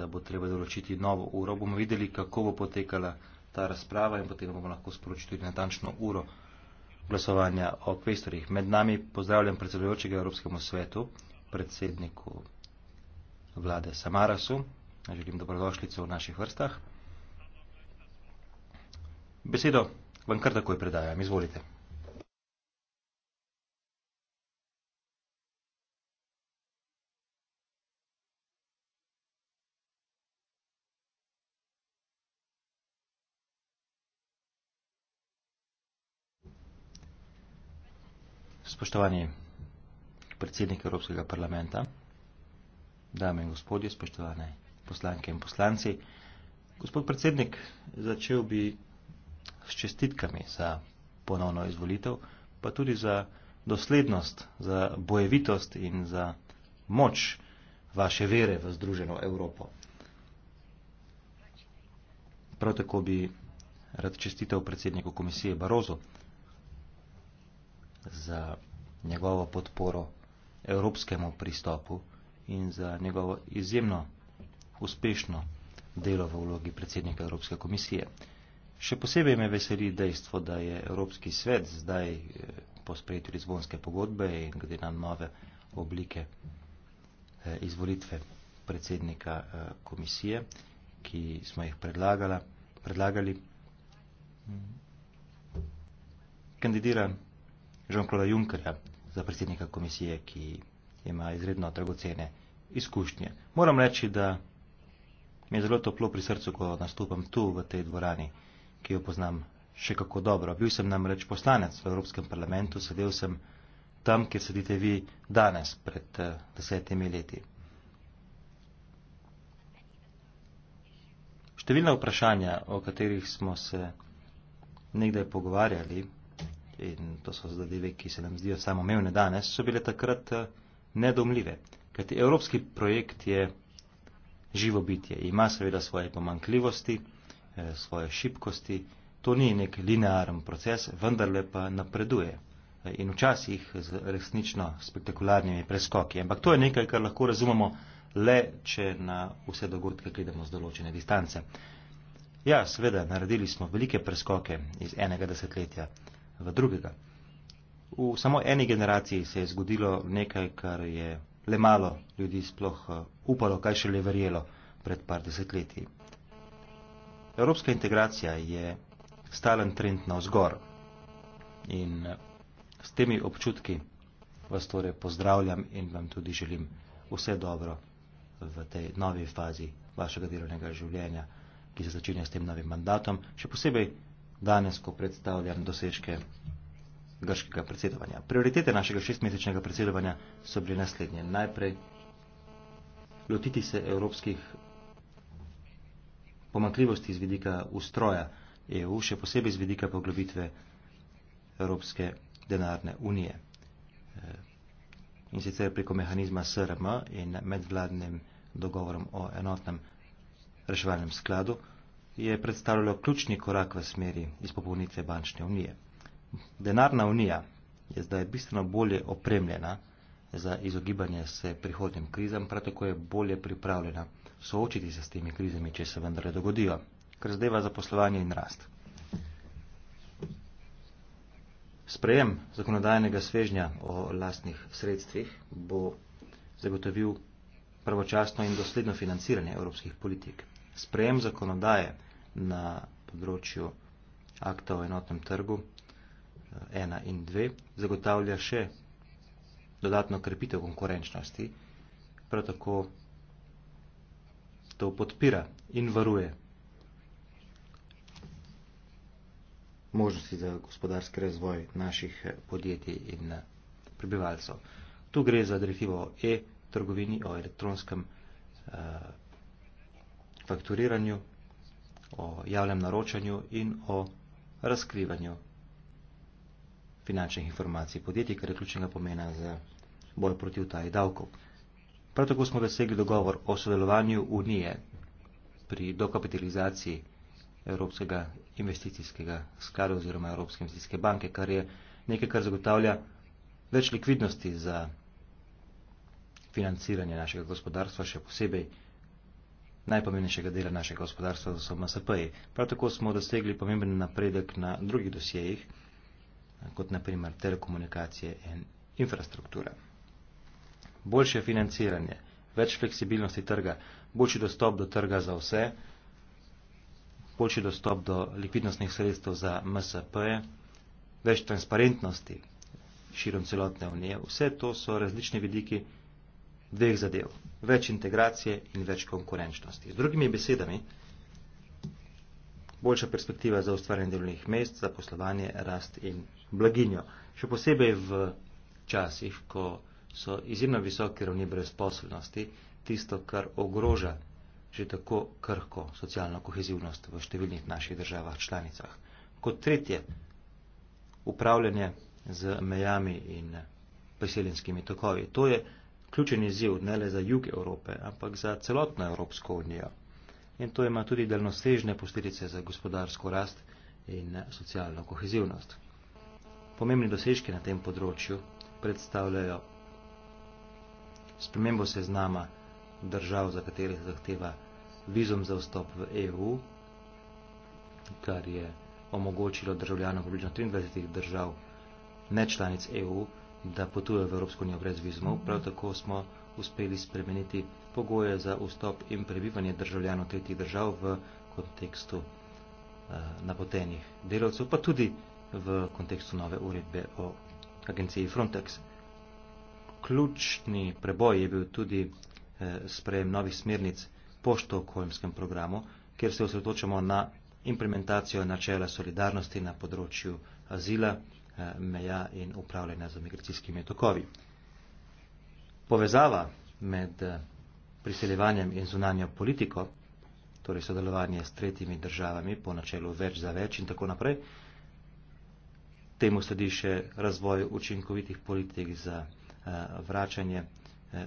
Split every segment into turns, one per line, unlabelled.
da bo treba določiti novo uro. Bomo videli, kako bo potekala ta razprava in potem bomo lahko sporočili tudi natančno uro glasovanja o kvestorjih. Med nami pozdravljam predsedujočega Evropskemu svetu, predsedniku vlade Samarasu. Želim dobrodošlico v naših vrstah. Besedo vam kar takoj predajam. Izvolite. Spoštovani predsednik Evropskega parlamenta, dame in gospodje, spoštovane poslanke in poslanci. Gospod predsednik, začel bi s čestitkami za ponovno izvolitev, pa tudi za doslednost, za bojevitost in za moč vaše vere v Združeno Evropo. Prav tako bi rad čestitev predsedniku komisije Barozo za njegovo podporo evropskemu pristopu in za njegovo izjemno uspešno delo v vlogi predsednika Evropske komisije. Še posebej me veseli dejstvo, da je Evropski svet zdaj eh, po sprejetju Lizbonske pogodbe in glede na nove oblike eh, izvolitve predsednika eh, komisije, ki smo jih predlagala, predlagali, mm, kandidira Jean-Claude Junckerja za predsednika komisije, ki ima izredno dragocene izkušnje. Moram reči, da mi je zelo toplo pri srcu, ko nastopam tu v tej dvorani, ki jo poznam še kako dobro. Bil sem namreč poslanec v Evropskem parlamentu, sedel sem tam, kjer sedite vi danes, pred eh, desetimi leti. Številna vprašanja, o katerih smo se nekdaj pogovarjali, in to so zadeve, ki se nam zdijo samomevne danes, so bile takrat eh, nedomljive. Kajti evropski projekt je živo bitje, ima seveda svoje pomankljivosti, eh, svoje šibkosti, to ni nek linearen proces, vendarle pa napreduje eh, in včasih z resnično spektakularnimi preskoki. Ampak to je nekaj, kar lahko razumemo le, če na vse dogodke gledamo z določene distance. Ja, seveda, naredili smo velike preskoke iz enega desetletja v drugega. V samo eni generaciji se je zgodilo nekaj, kar je le malo ljudi sploh eh, upalo, kaj še le verjelo pred par desetletji. Evropska integracija je stalen trend na vzgor in eh, s temi občutki vas torej pozdravljam in vam tudi želim vse dobro v tej novi fazi vašega delovnega življenja, ki se začenja s tem novim mandatom, še posebej danes, ko predstavljam dosežke grškega predsedovanja. Prioritete našega šestmesečnega predsedovanja so bile naslednje. Najprej lotiti se evropskih pomankljivosti z vidika ustroja EU, še posebej z vidika poglobitve Evropske denarne unije. E, in sicer preko mehanizma SRM in medvladnim dogovorom o enotnem reševalnem skladu, je predstavljalo ključni korak v smeri izpopolnice bančne unije. Denarna unija je zdaj bistveno bolje opremljena za izogibanje se prihodnim krizam, prav tako je bolje pripravljena soočiti se s temi krizami, če se vendarle dogodijo, ker zdajva zaposlovanje in rast. Sprejem zakonodajnega svežnja o lastnih sredstvih bo zagotovil pravočasno in dosledno financiranje evropskih politik. Sprejem zakonodaje na področju akta o enotnem trgu 1 eh, in 2 zagotavlja še dodatno krepitev konkurenčnosti, prav tako to podpira in varuje možnosti za gospodarski razvoj naših eh, podjetij in eh, prebivalcev. Tu gre za direktivo o e-trgovini, o elektronskem eh, fakturiranju, o javnem naročanju in o razkrivanju finančnih informacij podjetij, kar je ključnega pomena za boj proti utaji davkov. Prav tako smo dosegli dogovor o sodelovanju Unije pri dokapitalizaciji Evropskega investicijskega sklada oziroma Evropske investicijske banke, kar je nekaj, kar zagotavlja več likvidnosti za financiranje našega gospodarstva, še posebej najpomembnejšega dela našega gospodarstva, to so MSP-ji. Prav tako smo dosegli pomemben napredek na drugih dosjejih, kot naprimer telekomunikacije in infrastruktura. Boljše financiranje, več fleksibilnosti trga, boljši dostop do trga za vse, boljši dostop do likvidnostnih sredstev za MSP-je, več transparentnosti širom celotne unije. Vse to so različni vidiki dveh zadev več integracije in več konkurenčnosti. Z drugimi besedami, boljša perspektiva za ustvarjanje delovnih mest, za poslovanje, rast in blaginjo. Še posebej v časih, ko so izjemno visoke ravni brezposobnosti, tisto, kar ogroža že tako krhko socialno kohezivnost v številnih naših državah članicah. Kot tretje, upravljanje z mejami in priseljenskimi tokovi. To je ključen izziv ne le za jug Evrope, ampak za celotno Evropsko unijo. In to ima tudi delnosežne posledice za gospodarsko rast in socialno kohezivnost. Pomembni dosežki na tem področju predstavljajo spremembo seznama držav, za katere se zahteva vizum za vstop v EU, kar je omogočilo državljanom približno 23 držav nečlanic EU, da potujejo v Evropsko unijo brez vizumov. Prav tako smo uspeli spremeniti pogoje za vstop in prebivanje državljanov tretjih držav v kontekstu eh, napotenih delavcev, pa tudi v kontekstu nove uredbe o agenciji Frontex. Ključni preboj je bil tudi eh, sprejem novih smernic pošto v kojemskem programu, kjer se osredotočamo na implementacijo načela solidarnosti na področju azila. Eh, meja in upravljanja z migracijskimi tokovi. Povezava med eh, priseljevanjem in zunanjo politiko, torej sodelovanje s tretjimi državami po načelu več za več in tako naprej, temu sledi še razvoj učinkovitih politik za eh, vračanje,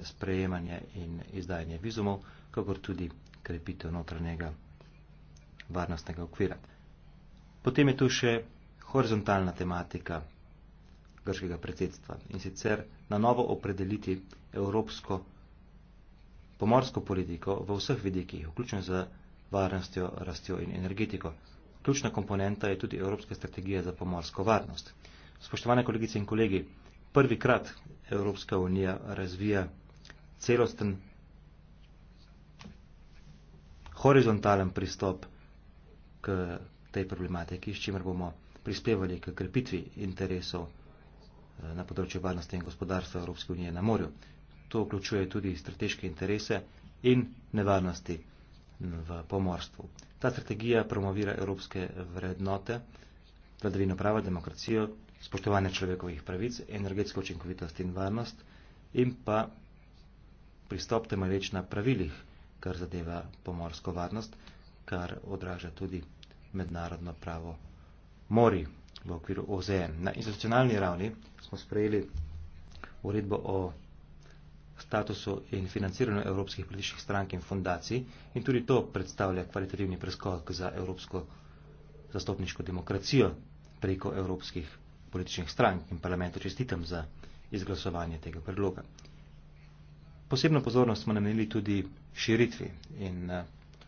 sprejemanje in izdajanje vizumov, kakor tudi krepitev notranjega varnostnega okvira. Potem je tu še horizontalna tematika grškega predsedstva in sicer na novo opredeliti evropsko pomorsko politiko v vseh vidikih, vključno z varnostjo, rastjo in energetiko. Ključna komponenta je tudi Evropska strategija za pomorsko varnost. Spoštovane kolegice in kolegi, prvi krat Evropska unija razvija celosten horizontalen pristop k tej problematiki, s čimer bomo prispevali k krepitvi interesov eh, na področju varnosti in gospodarstva Evropske unije na morju. To vključuje tudi strateške interese in nevarnosti v pomorstvu. Ta strategija promovira evropske vrednote, vladavino prava, demokracijo, spoštovanje človekovih pravic, energetsko učinkovitost in varnost in pa pristop temeleč na pravilih, kar zadeva pomorsko varnost, kar odraža tudi mednarodno pravo mori v okviru OZN. Na institucionalni ravni smo sprejeli uredbo o statusu in financiranju evropskih političnih strank in fundacij in tudi to predstavlja kvalitativni preskok za evropsko zastopniško demokracijo preko evropskih političnih strank in parlamentu čestitam za izglasovanje tega predloga. Posebno pozornost smo namenili tudi širitvi in eh,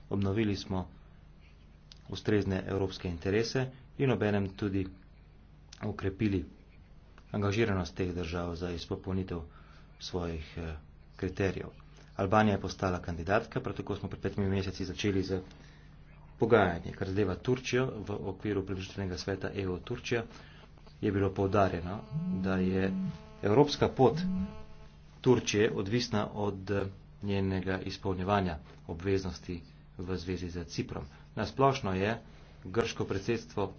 obnovili smo ustrezne evropske interese in obenem tudi ukrepili angažiranost teh držav za izpopolnitev svojih eh, kriterijev. Albanija je postala kandidatka, prav tako smo pred petimi meseci začeli z pogajanje, kar zadeva Turčijo v okviru približitvenega sveta EU-Turčija, je bilo poudarjeno, da je evropska pot Turčije odvisna od eh, njenega izpolnjevanja obveznosti v zvezi z Ciprom. Nasplošno je grško predsedstvo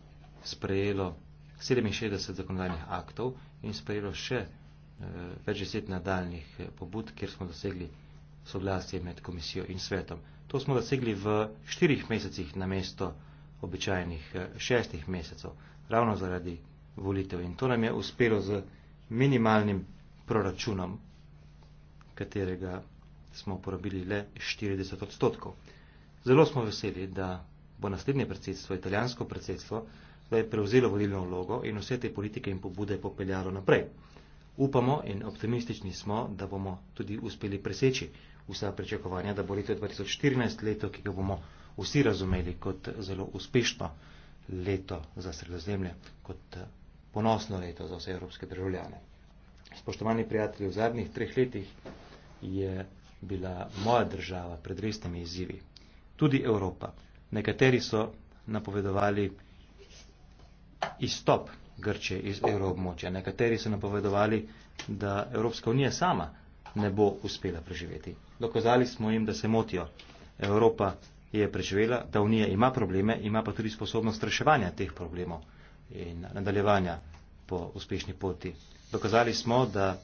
sprejelo 67 zakonodajnih aktov in sprejelo še eh, več deset nadaljnih eh, pobud, kjer smo dosegli soglasje med komisijo in svetom. To smo dosegli v štirih mesecih na mesto običajnih eh, šestih mesecev, ravno zaradi volitev. In to nam je uspelo z minimalnim proračunom, katerega smo uporabili le 40 odstotkov. Zelo smo veseli, da bo naslednje predsedstvo, italijansko predsedstvo, je prevzelo vodilno vlogo in vse te politike in pobude popeljalo naprej. Upamo in optimistični smo, da bomo tudi uspeli preseči vsa pričakovanja, da bo leto 2014 leto, ki ga bomo vsi razumeli kot zelo uspešno leto za sredozemlje, kot eh, ponosno leto za vse evropske državljane. Spoštovani prijatelji, v zadnjih treh letih je bila moja država pred resnimi izzivi. Tudi Evropa. Nekateri so napovedovali izstop Grče iz evroobmočja. Nekateri so napovedovali, da Evropska unija sama ne bo uspela preživeti. Dokazali smo jim, da se motijo. Evropa je preživela, da unija ima probleme, ima pa tudi sposobnost reševanja teh problemov in nadaljevanja po uspešni poti. Dokazali smo, da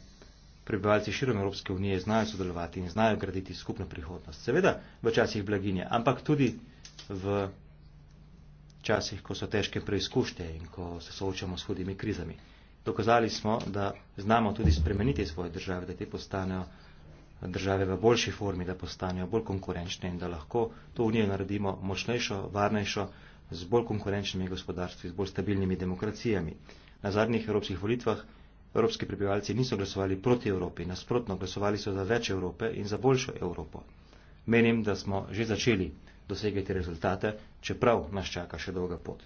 prebivalci širom Evropske unije znajo sodelovati in znajo graditi skupno prihodnost. Seveda v časih blaginje, ampak tudi v časih, ko so težke preizkušnje in ko se soočamo s hudimi krizami. Dokazali smo, da znamo tudi spremeniti svoje države, da te postanejo države v boljši formi, da postanejo bolj konkurenčne in da lahko to v njej naredimo močnejšo, varnejšo, z bolj konkurenčnimi gospodarstvi, z bolj stabilnimi demokracijami. Na zadnjih evropskih volitvah evropski prebivalci niso glasovali proti Evropi, nasprotno glasovali so za več Evrope in za boljšo Evropo. Menim, da smo že začeli dosegati rezultate, čeprav nas čaka še dolga pot.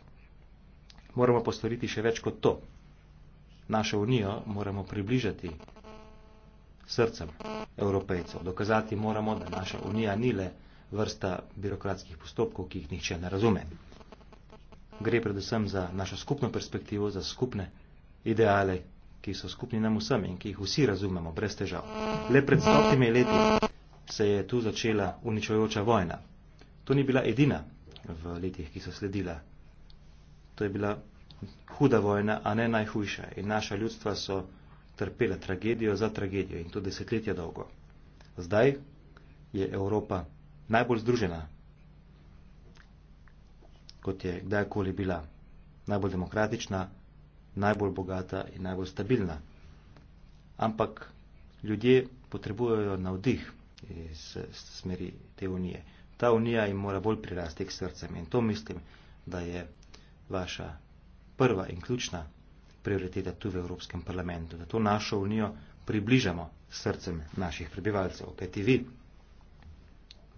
Moramo postoriti še več kot to. Našo unijo moramo približati srcem evropejcev. Dokazati moramo, da naša unija ni le vrsta birokratskih postopkov, ki jih nihče ne razume. Gre predvsem za našo skupno perspektivo, za skupne ideale, ki so skupni nam vsem in ki jih vsi razumemo brez težav. Le pred stotimi leti se je tu začela uničujoča vojna. To ni bila edina v letih, ki so sledila. To je bila huda vojna, a ne najhujša. In naša ljudstva so trpela tragedijo za tragedijo in to desetletja dolgo. Zdaj je Evropa najbolj združena, kot je kdajkoli bila. Najbolj demokratična, najbolj bogata in najbolj stabilna. Ampak ljudje potrebujejo navdih iz smeri te unije ta unija jim mora bolj prirasti k srcem in to mislim, da je vaša prva in ključna prioriteta tu v Evropskem parlamentu, da to našo unijo približamo srcem naših prebivalcev, kajti vi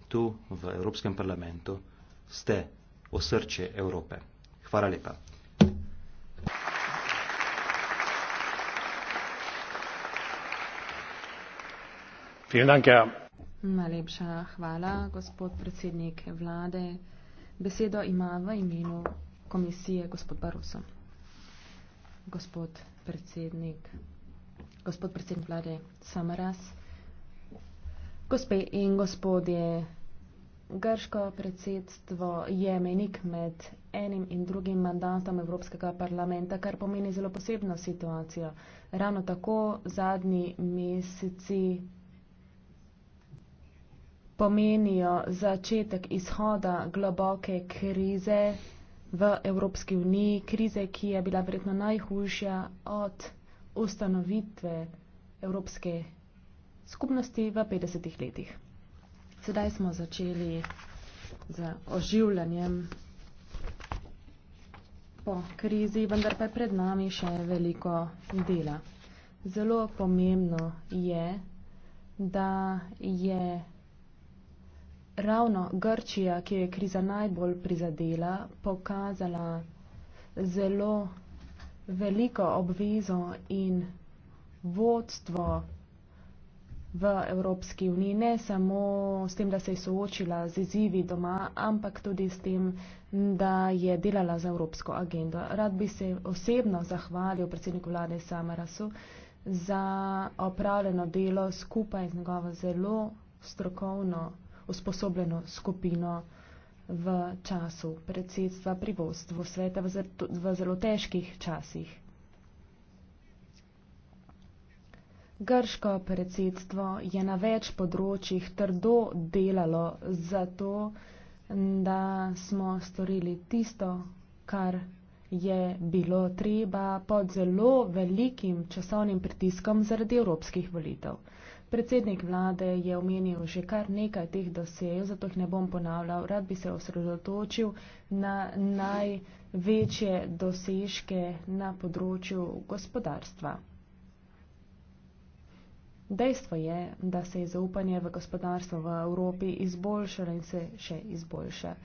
tu v Evropskem parlamentu ste osrče Evrope. Hvala lepa.
Vielen Dank, Herr Najlepša hvala, gospod predsednik vlade. Besedo ima v imenu komisije gospod Baruso. Gospod predsednik, gospod predsednik vlade Samaras, gospe in gospodje, grško predsedstvo je menik med enim in drugim mandatom Evropskega parlamenta, kar pomeni zelo posebno situacijo. Ravno tako zadnji meseci pomenijo začetek izhoda globoke krize v Evropski uniji, krize, ki je bila verjetno najhujša od ustanovitve Evropske skupnosti v 50-ih letih. Sedaj smo začeli z oživljanjem po krizi, vendar pa je pred nami še veliko dela. Zelo pomembno je, da je ravno Grčija, ki je kriza najbolj prizadela, pokazala zelo veliko obvezo in vodstvo v Evropski uniji, ne samo s tem, da se je soočila z izzivi doma, ampak tudi s tem, da je delala za Evropsko agendo. Rad bi se osebno zahvalil predsedniku vlade Samarasu za opravljeno delo skupaj z njegovo zelo strokovno usposobljeno skupino v času predsedstva pri vodstvu sveta v zelo težkih časih. Grško predsedstvo je na več področjih trdo delalo za to, da smo storili tisto, kar je bilo treba pod zelo velikim časovnim pritiskom zaradi evropskih volitev. Predsednik vlade je omenil že kar nekaj teh dosejev, zato jih ne bom ponavljal. Rad bi se osredotočil na največje dosežke na področju gospodarstva. Dejstvo je, da se je zaupanje v gospodarstvo v Evropi izboljšalo in se še izboljša.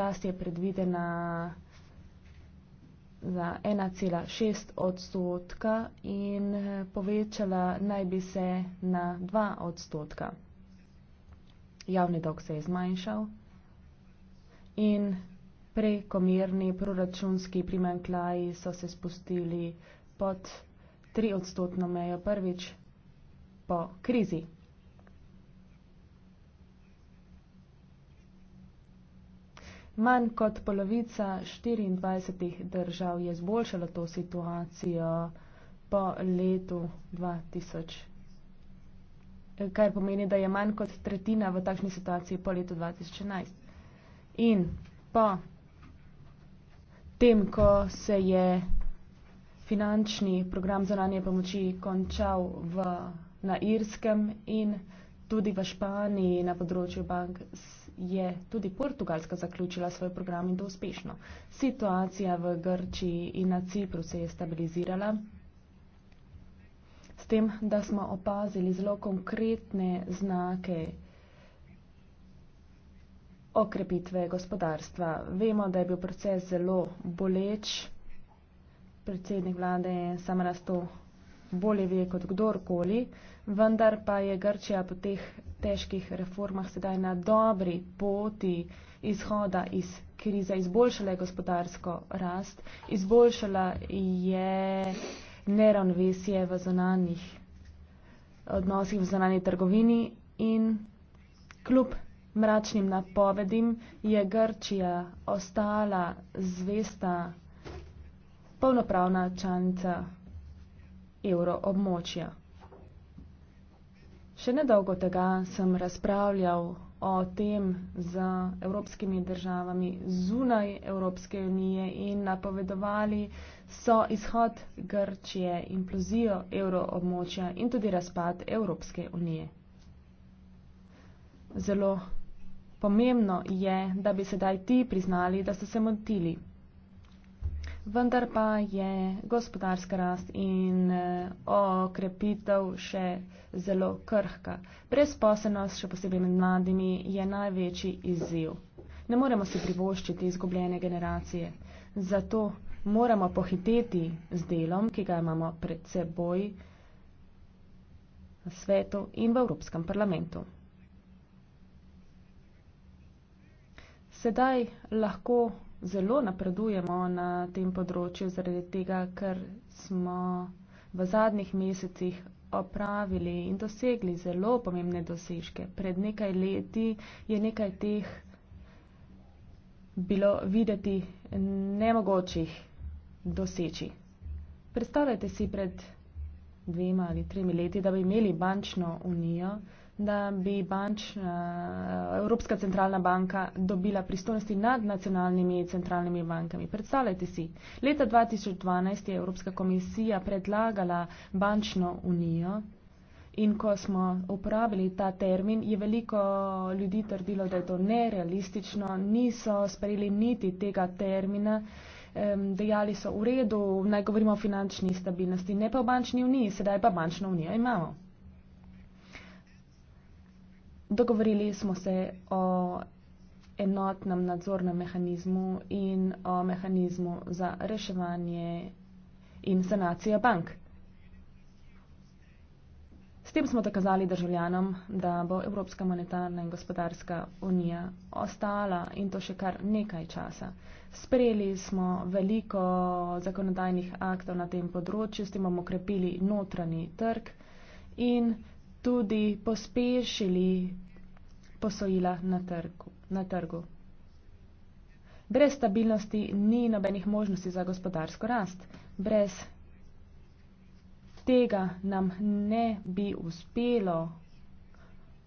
Rast je predvidena za 1,6 odstotka in eh, povečala naj bi se na 2 odstotka. Javni dolg se je zmanjšal in prekomerni proračunski primankljaji so se spustili pod 3 odstotno mejo prvič po krizi. Manj kot polovica 24 držav je zboljšala to situacijo po letu 2000. Kar pomeni, da je manj kot tretjina v takšni situaciji po letu 2011. In po tem, ko se je finančni program zunanje pomoči končal v, na Irskem in tudi v Španiji na področju bank. S, je tudi Portugalska zaključila svoj program in to uspešno. Situacija v Grčiji in na Cipru se je stabilizirala. S tem, da smo opazili zelo konkretne znake okrepitve gospodarstva. Vemo, da je bil proces zelo boleč. Predsednik vlade je samo raz to bolje ve kot kdorkoli, vendar pa je Grčija po teh težkih reformah sedaj na dobri poti izhoda iz krize. Izboljšala je gospodarsko rast, izboljšala je neravnovesje v zonanih odnosih, v zonani trgovini in kljub mračnim napovedim je Grčija ostala zvesta polnopravna članica evroobmočja še nedolgo tega sem razpravljal o tem z evropskimi državami zunaj Evropske unije in napovedovali so izhod Grčije, implozijo evroobmočja in tudi razpad Evropske unije. Zelo pomembno je, da bi sedaj ti priznali, da so se motili vendar pa je gospodarska rast in eh, okrepitev še zelo krhka. Brezposobnost, še posebej med mladimi, je največji izziv. Ne moremo si privoščiti izgubljene generacije, zato moramo pohiteti z delom, ki ga imamo pred seboj na svetu in v Evropskem parlamentu. Sedaj lahko zelo napredujemo na tem področju, zaradi tega, ker smo v zadnjih mesecih opravili in dosegli zelo pomembne dosežke. Pred nekaj leti je nekaj teh bilo videti nemogočih doseči. Predstavljajte si pred dvema ali tremi leti, da bi imeli bančno unijo da bi banč, uh, Evropska centralna banka dobila pristojnosti nad nacionalnimi centralnimi bankami. Predstavljajte si, leta 2012 je Evropska komisija predlagala bančno unijo in ko smo uporabili ta termin, je veliko ljudi trdilo, da je to nerealistično, niso sprejeli niti tega termina. Dejali so v redu, naj govorimo o finančni stabilnosti, ne pa o bančni uniji, sedaj pa bančno unijo imamo dogovorili smo se o enotnem nadzornem mehanizmu in o mehanizmu za reševanje in sanacijo bank. S tem smo dokazali državljanom, da bo Evropska monetarna in gospodarska unija ostala in to še kar nekaj časa. Sprejeli smo veliko zakonodajnih aktov na tem področju, s tem bomo krepili notranji trg in tudi pospešili posojila na trgu. Na trgu. Brez stabilnosti ni nobenih možnosti za gospodarsko rast. Brez tega nam ne bi uspelo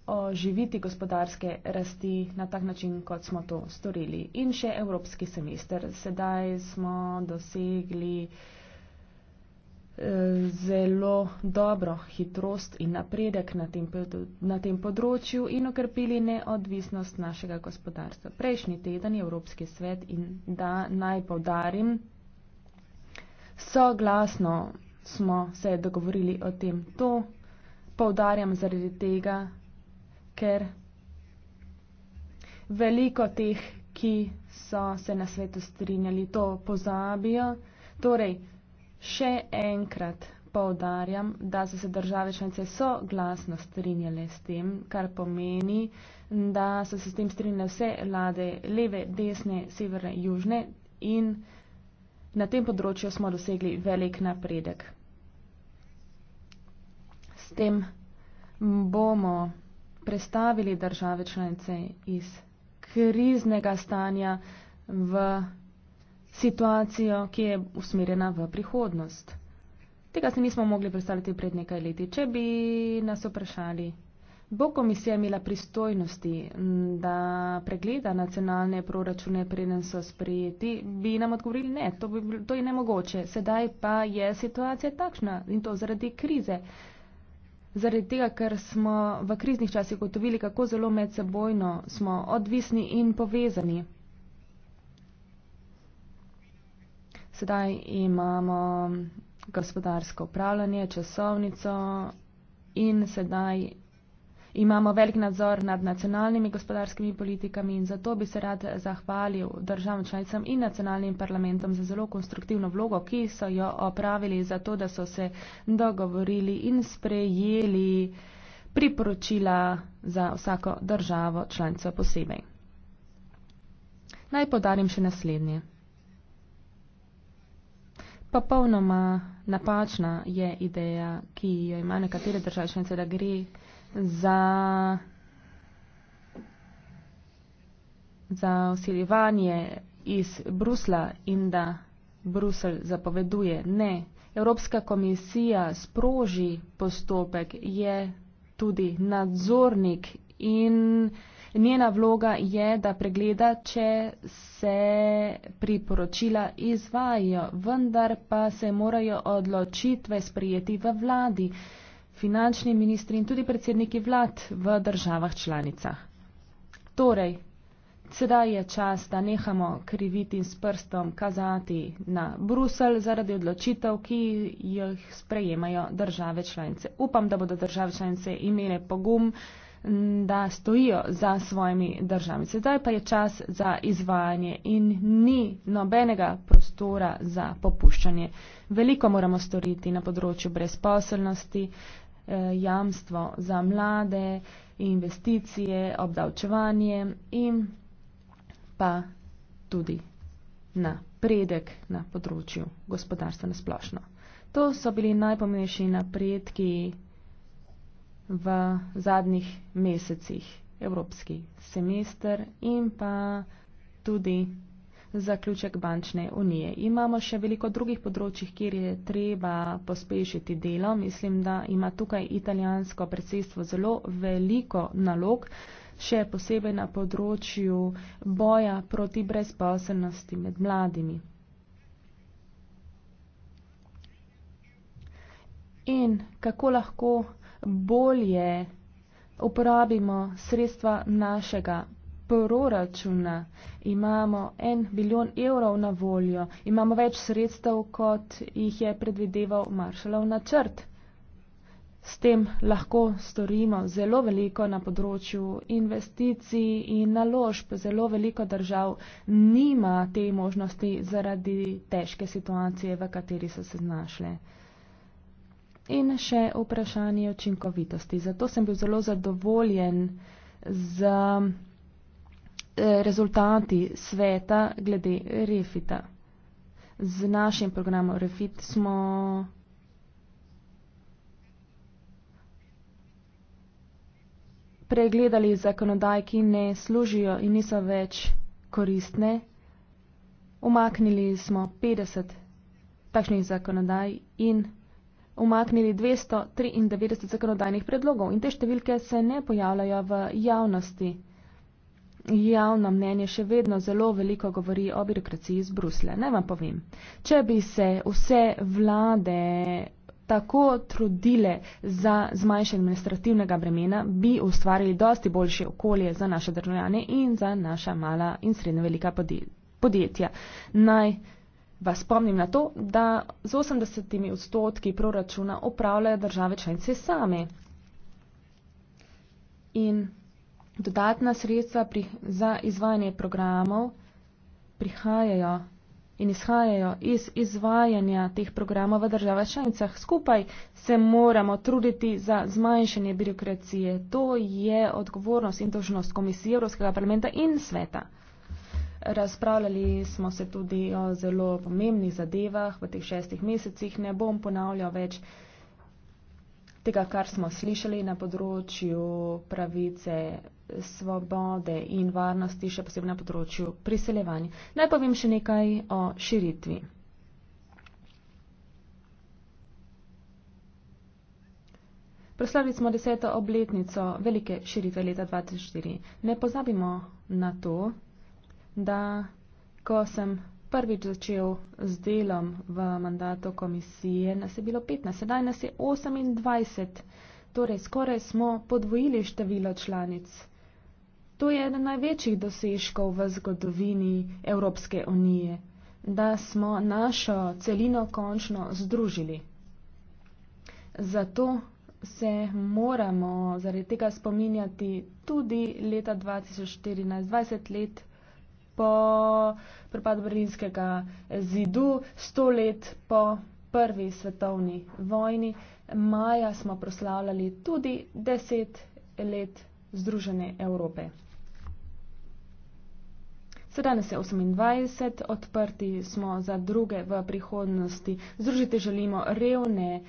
oživiti gospodarske rasti na tak način, kot smo to storili. In še evropski semester. Sedaj smo dosegli uh, zelo dobro hitrost in napredek na tem, na tem področju in okrepili neodvisnost našega gospodarstva. Prejšnji teden je Evropski svet in da naj povdarim, soglasno smo se dogovorili o tem to, povdarjam zaradi tega, ker veliko teh, ki so se na svetu strinjali, to pozabijo. Torej, Še enkrat poudarjam, da so se države članice soglasno strinjale s tem, kar pomeni, da so se s tem strinjale vse vlade leve, desne, severne, južne in na tem področju smo dosegli velik napredek. S tem bomo prestavili države članice iz kriznega stanja v situacijo, ki je usmerjena v prihodnost. Tega se nismo mogli predstavljati pred nekaj leti. Če bi nas vprašali, bo komisija imela pristojnosti, da pregleda nacionalne proračune, preden so sprejeti, bi nam odgovorili ne, to, bi, to je nemogoče. Sedaj pa je situacija takšna in to zaradi krize. Zaradi tega, ker smo v kriznih časih gotovili, kako zelo medsebojno smo odvisni in povezani. Sedaj imamo gospodarsko upravljanje, časovnico in sedaj imamo velik nadzor nad nacionalnimi gospodarskimi politikami in zato bi se rad zahvalil državam članicam in nacionalnim parlamentom za zelo konstruktivno vlogo, ki so jo opravili za to, da so se dogovorili in sprejeli priporočila za vsako državo članico posebej. Naj podarim še naslednje. Popolnoma napačna je ideja, ki jo ima nekatere države članice, da gre za, za usiljevanje iz Brusla in da Brusel zapoveduje. Ne, Evropska komisija sproži postopek, je tudi nadzornik in. Njena vloga je, da pregleda, če se priporočila izvajajo, vendar pa se morajo odločitve sprijeti v vladi, finančni ministri in tudi predsedniki vlad v državah članicah. Torej, sedaj je čas, da nehamo kriviti in s prstom kazati na Brusel zaradi odločitev, ki jih sprejemajo države članice. Upam, da bodo države članice imele pogum da stojijo za svojimi državami. Sedaj pa je čas za izvajanje in ni nobenega prostora za popuščanje. Veliko moramo storiti na področju brezposelnosti, eh, jamstvo za mlade, investicije, obdavčevanje in pa tudi napredek na področju gospodarstva na splošno. To so bili najpomembnejši napredki v zadnjih mesecih evropski semester in pa tudi zaključek bančne unije. Imamo še veliko drugih področjih, kjer je treba pospešiti delo. Mislim, da ima tukaj italijansko predsedstvo zelo veliko nalog, še posebej na področju boja proti brezposelnosti med mladimi. In kako lahko bolje uporabimo sredstva našega proračuna. Imamo en bilijon evrov na voljo, imamo več sredstev, kot jih je predvideval Maršalov načrt. S tem lahko storimo zelo veliko na področju investicij in naložb. Zelo veliko držav nima te možnosti zaradi težke situacije, v kateri so se znašle in še vprašanje učinkovitosti. Zato sem bil zelo zadovoljen z eh, rezultati sveta glede Refita. Z našim programom Refit smo. pregledali zakonodaj, ki ne služijo in niso več koristne. Umaknili smo 50 takšnih zakonodaj in umaknili 293 zakonodajnih predlogov in te številke se ne pojavljajo v javnosti. Javno mnenje še vedno zelo veliko govori o birokraciji iz Brusle. Ne vam povem, če bi se vse vlade tako trudile za zmanjšanje administrativnega bremena, bi ustvarili dosti boljše okolje za naše državljane in za naša mala in srednje velika podjetja. Naj Vas spomnim na to, da z 80 odstotki proračuna upravljajo države članice same. In dodatna sredstva pri, za izvajanje programov prihajajo in izhajajo iz izvajanja teh programov v državah članicah. Skupaj se moramo truditi za zmanjšanje birokracije. To je odgovornost in dožnost Komisije Evropskega parlamenta in sveta. Razpravljali smo se tudi o zelo pomembnih zadevah v teh šestih mesecih. Ne bom ponavljal več tega, kar smo slišali na področju pravice, svobode in varnosti, še posebej na področju priseljevanja. Naj povem še nekaj o širitvi. Proslavili smo deseto obletnico velike širitve leta 2004. Ne pozabimo na to, da ko sem prvič začel z delom v mandatu komisije, nas je bilo 15, sedaj nas je 28. Torej, skoraj smo podvojili število članic. To je eden največjih dosežkov v zgodovini Evropske unije, da smo našo celino končno združili. Zato se moramo zaradi tega spominjati tudi leta 2014, 20 let po propadu Berlinskega zidu, sto let po prvi svetovni vojni. Maja smo proslavljali tudi deset let Združene Evrope. Se danes je 28, odprti smo za druge v prihodnosti. Združiti želimo revne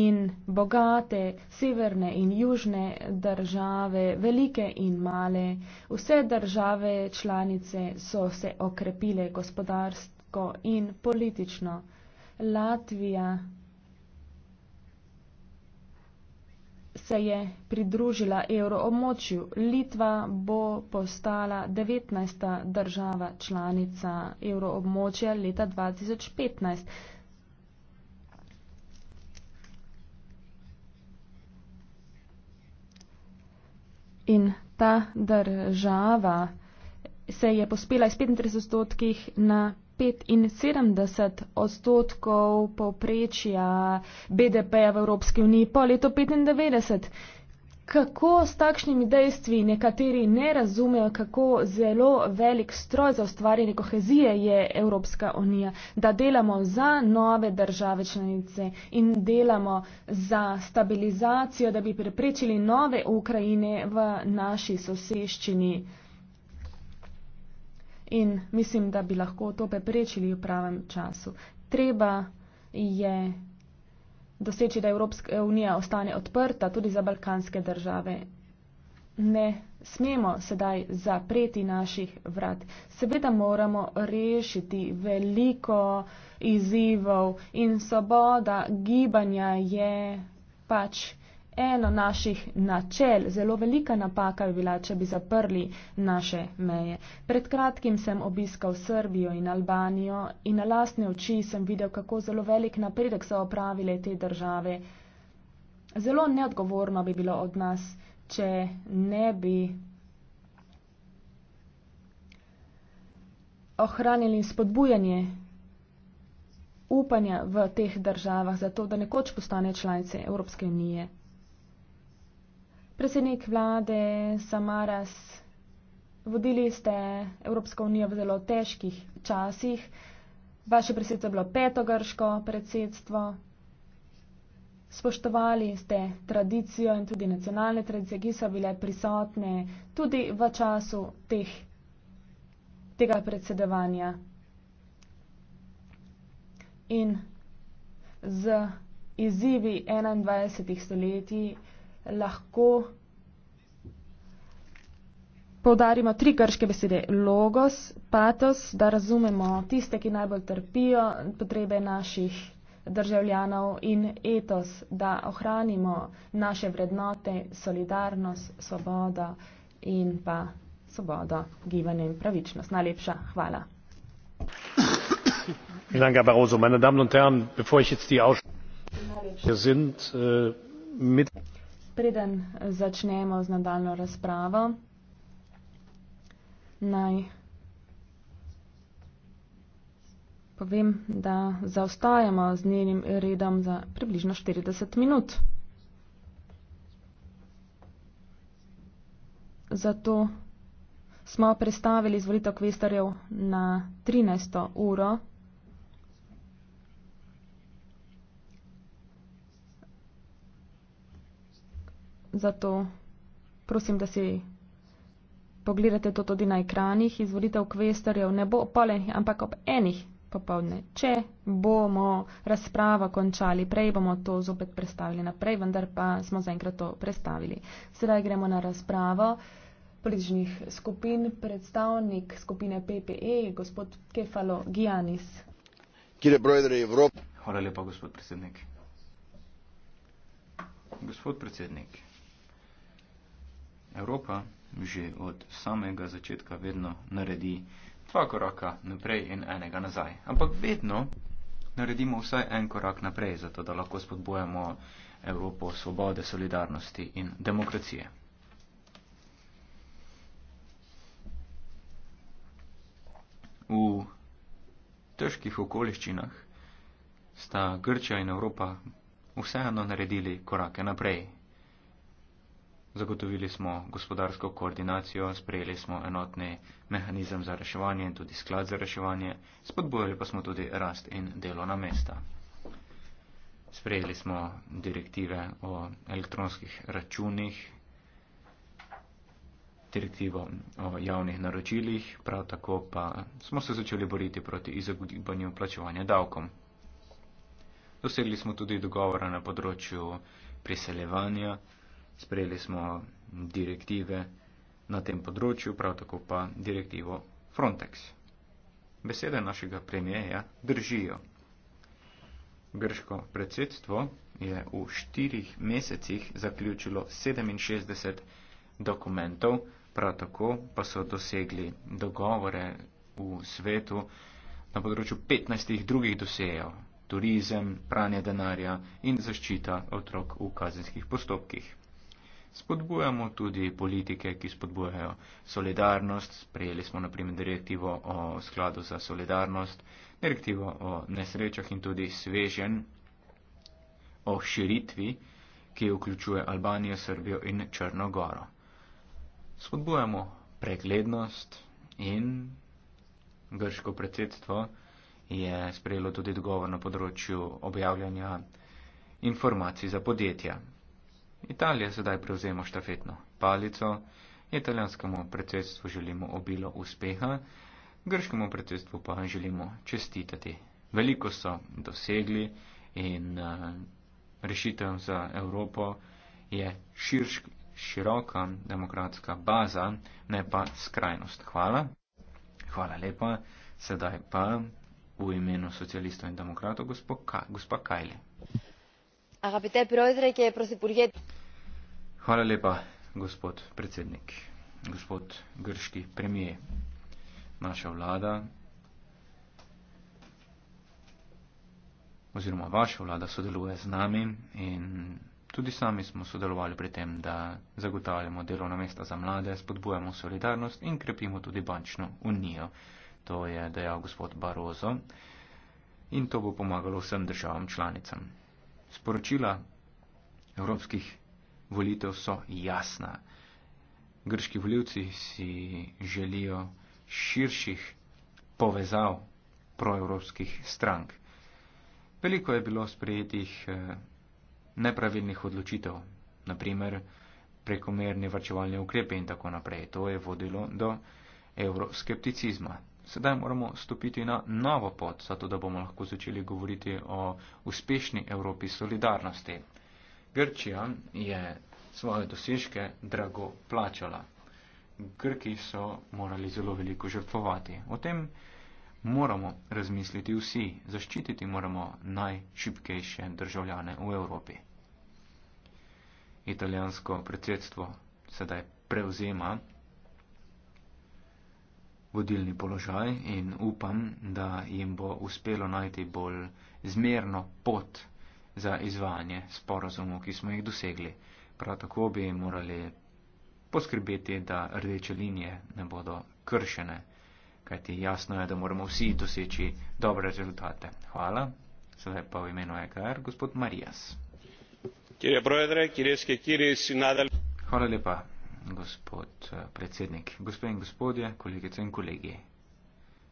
in bogate, severne in južne države, velike in male. Vse države članice so se okrepile gospodarsko in politično. Latvija se je pridružila evroobmočju. Litva bo postala 19. država članica evroobmočja leta 2015. In ta država se je pospela iz 35 odstotkih na 75 odstotkov povprečja BDP -ja v Evropski uniji po letu 95. Kako s takšnimi dejstvi nekateri ne razumejo, kako zelo velik stroj za ustvarjanje kohezije je Evropska unija, da delamo za nove države članice in delamo za stabilizacijo, da bi preprečili nove Ukrajine v naši soseščini in mislim, da bi lahko to preprečili v pravem času. Treba je doseči, da Evropska unija ostane odprta tudi za balkanske države. Ne smemo sedaj zapreti naših vrat. Seveda moramo rešiti veliko izzivov in svoboda gibanja je pač eno naših načel. Zelo velika napaka bi bila, če bi zaprli naše meje. Pred kratkim sem obiskal Srbijo in Albanijo in na lastne oči sem videl, kako zelo velik napredek so opravile te države. Zelo neodgovorno bi bilo od nas, če ne bi ohranili spodbujanje upanja v teh državah, zato da nekoč postane članice Evropske unije predsednik vlade Samaras, vodili ste Evropsko unijo v zelo težkih časih. Vaše predsedstvo je bilo peto grško predsedstvo. Spoštovali ste tradicijo in tudi nacionalne tradicije, ki so bile prisotne tudi v času teh, tega predsedovanja. In z izzivi 21. stoletji lahko poudarimo tri grške besede. Logos, patos, da razumemo tiste, ki najbolj trpijo potrebe naših državljanov in etos, da ohranimo naše vrednote, solidarnost, svobodo in pa svobodo, gibanje in pravičnost. Najlepša hvala.
Vielen Dank, Herr Barroso. Meine Damen und Herren, bevor ich
jetzt die Aussprache. Wir sind äh, mit preden začnemo z nadaljno razpravo, naj povem, da zaostajamo z njenim redom za približno 40 minut. Zato smo prestavili izvolitev kvestarjev na 13. uro. zato prosim, da si pogledate to tudi na ekranih. Izvolitev kvestorjev ne bo opoljenih, ampak ob enih popovdne. Če bomo razpravo končali, prej bomo to zopet predstavili naprej, vendar pa smo zaenkrat to predstavili. Sedaj gremo na razpravo političnih skupin. Predstavnik skupine PPE, gospod Kefalo Gijanis.
Hvala lepa, gospod predsednik. Gospod predsednik, Evropa že od samega začetka vedno naredi dva koraka naprej in enega nazaj. Ampak vedno naredimo vsaj en korak naprej, zato da lahko spodbojamo Evropo svobode, solidarnosti in demokracije. V težkih okoliščinah sta Grčija in Evropa vseeno naredili korake naprej Zagotovili smo gospodarsko koordinacijo, sprejeli smo enotni mehanizem za reševanje in tudi sklad za reševanje, spodbojali pa smo tudi rast in delo na mesta. Sprejeli smo direktive o elektronskih računih, direktivo o javnih naročilih, prav tako pa smo se začeli boriti proti izogibanju plačevanja davkom. Dosegli smo tudi dogovora na področju priseljevanja sprejeli smo direktive na tem področju, prav tako pa direktivo Frontex. Besede našega premijeja držijo. Grško predsedstvo je v štirih mesecih zaključilo 67 dokumentov, prav tako pa so dosegli dogovore v svetu na področju 15 drugih dosejev turizem, pranje denarja in zaščita otrok v kazenskih postopkih. Spodbujamo tudi politike, ki spodbujajo solidarnost. Sprejeli smo naprimer direktivo o skladu za solidarnost, direktivo o nesrečah in tudi svežen o širitvi, ki vključuje Albanijo, Srbijo in Črnogoro. Spodbujamo preglednost in grško predsedstvo je sprejelo tudi dogovor na področju objavljanja informacij za podjetja. Italija sedaj prevzema štafetno palico, italijanskemu predsedstvu želimo obilo uspeha, grškemu predsedstvu pa želimo čestitati. Veliko so dosegli in uh, rešitev za Evropo je širš, široka demokratska baza, ne pa skrajnost. Hvala. Hvala lepa. Sedaj pa v imenu socialistov in demokratov gospod Ka, gospa Kajle. Αγαπητέ Πρόεδρε και Πρωθυπουργέ. Χαρά λεπά, Γκοσπότ Πρετσέντνικ, Γκοσπότ Γκρισκή, Πρεμιέ, Μάσα Ολάδα, oziroma vaša vlada sodeluje z nami in tudi sami smo sodelovali pri tem, da zagotavljamo delovna mesta za mlade, spodbujamo solidarnost in krepimo tudi bančno unijo. To je dejal gospod Barozo in to bo pomagalo vsem državam članicam. Sporočila evropskih volitev so jasna. Grški voljivci si želijo širših povezav proevropskih strank. Veliko je bilo sprejetih eh, nepravilnih odločitev, naprimer prekomerni varčevalni ukrepe in tako naprej. To je vodilo do evroskepticizma. Sedaj moramo stopiti na novo pot, zato da bomo lahko začeli govoriti o uspešni Evropi solidarnosti. Grčija je svoje dosežke drago plačala. Grki so morali zelo veliko žrtvovati. O tem moramo razmisliti vsi. Zaščititi moramo najšipkejše državljane v Evropi. Italijansko predsedstvo sedaj prevzema vodilni položaj in upam, da jim bo uspelo najti bolj zmerno pot za izvajanje sporozumov, ki smo jih dosegli. Prav tako bi morali poskrbeti, da rdeče linije ne bodo kršene, kajti jasno je, da moramo vsi doseči dobre rezultate. Hvala. Sedaj pa v imenu EKR, gospod Marijas. Hvala lepa gospod eh, predsednik, gospe in gospodje, kolegice in kolegi.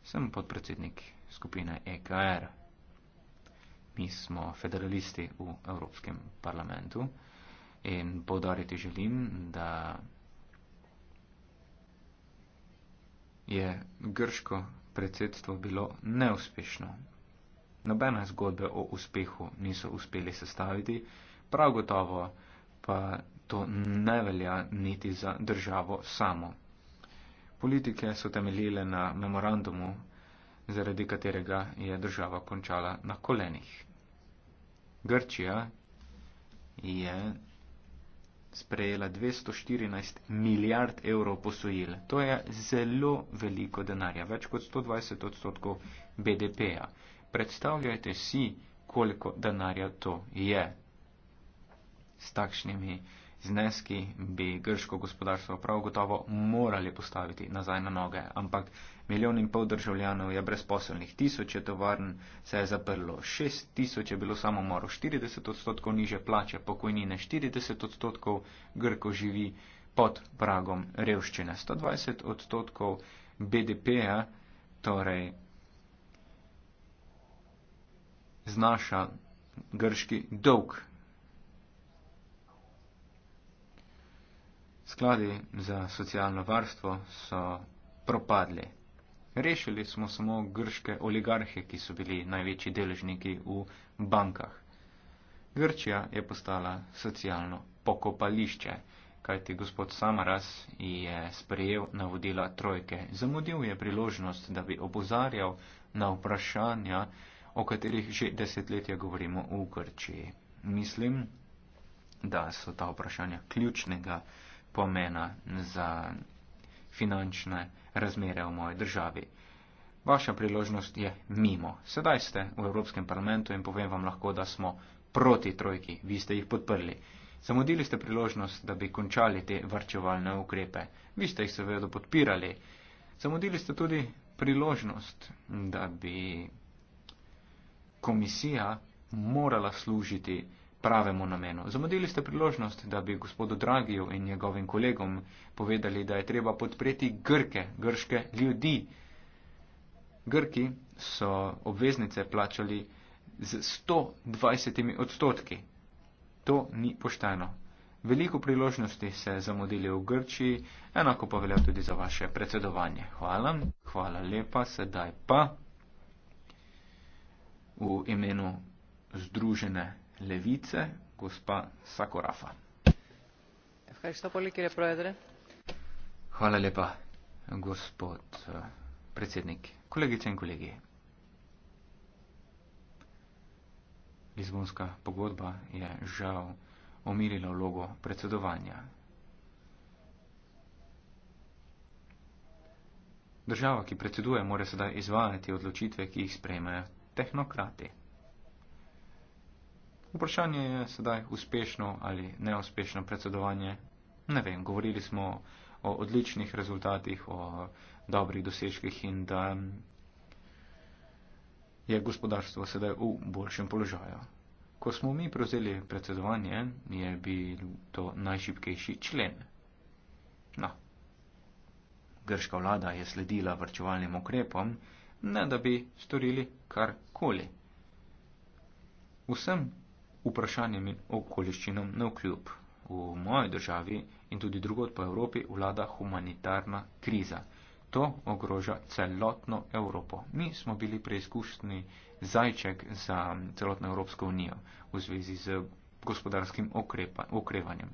Sem podpredsednik skupine EKR. Mi smo federalisti v Evropskem parlamentu in povdariti želim, da je grško predsedstvo bilo neuspešno. Nobene zgodbe o uspehu niso uspeli sestaviti, prav gotovo pa to ne velja niti za državo samo. Politike so temeljile na memorandumu, zaradi katerega je država končala na kolenih. Grčija je sprejela 214 milijard evrov posojil. To je zelo veliko denarja, več kot 120 odstotkov BDP-ja. Predstavljajte si, koliko denarja to je s takšnimi uh, zneski bi grško gospodarstvo prav gotovo morali postaviti nazaj na noge, ampak milijon in pol državljanov je brezposelnih, tisoče tovarn se je zaprlo, šest tisoč je bilo samomorov, 40 odstotkov niže plače, pokojnine, 40 odstotkov Grko živi pod pragom revščine, 120 odstotkov BDP-ja, torej znaša grški dolg. Skladi za socialno varstvo so propadli. Rešili smo samo grške oligarhe, ki so bili največji deležniki v bankah. Grčija je postala socialno pokopališče, kajti gospod Samaras je sprejel navodila trojke. Zamudil je priložnost, da bi opozarjal na vprašanja, o katerih že desetletja govorimo v Grčiji. Mislim, da so ta vprašanja ključnega pomena za finančne razmere v moji državi. Vaša priložnost je mimo. Sedaj ste v Evropskem parlamentu in povem vam lahko, da smo proti trojki. Vi ste jih podprli. Zamudili ste priložnost, da bi končali te varčevalne ukrepe. Vi ste jih seveda podpirali. Zamudili ste tudi priložnost, da bi komisija morala služiti pravemu namenu. Zamudili ste priložnost, da bi gospodu Dragiju in njegovim kolegom povedali, da je treba podpreti grke, grške ljudi. Grki so obveznice plačali z 120 odstotki. To ni pošteno. Veliko priložnosti se zamudili v Grčiji, enako pa velja tudi za vaše predsedovanje. Hvala, hvala lepa, sedaj pa v imenu združene Levice, gospa Sakorafa. Hvala lepa, gospod eh, predsednik. Kolegice in kolegi. Lizbonska pogodba je žal omirila vlogo predsedovanja. Država, ki predseduje, mora sedaj izvajati odločitve, ki jih sprejmejo tehnokrati. Vprašanje je sedaj uspešno ali neuspešno predsedovanje. Ne vem, govorili smo o odličnih rezultatih, o dobrih dosežkih in da je gospodarstvo sedaj v boljšem položaju. Ko smo mi prevzeli predsedovanje, je bil to najšipkejši člen. No, grška vlada je sledila vrčevalnim ukrepom, ne da bi storili karkoli. Vsem vprašanjem in okoliščinam na vkljub. V moji državi in tudi drugod po Evropi vlada humanitarna kriza. To ogroža celotno Evropo. Mi smo bili preizkušni zajček za celotno Evropsko unijo v zvezi z gospodarskim okrevanjem.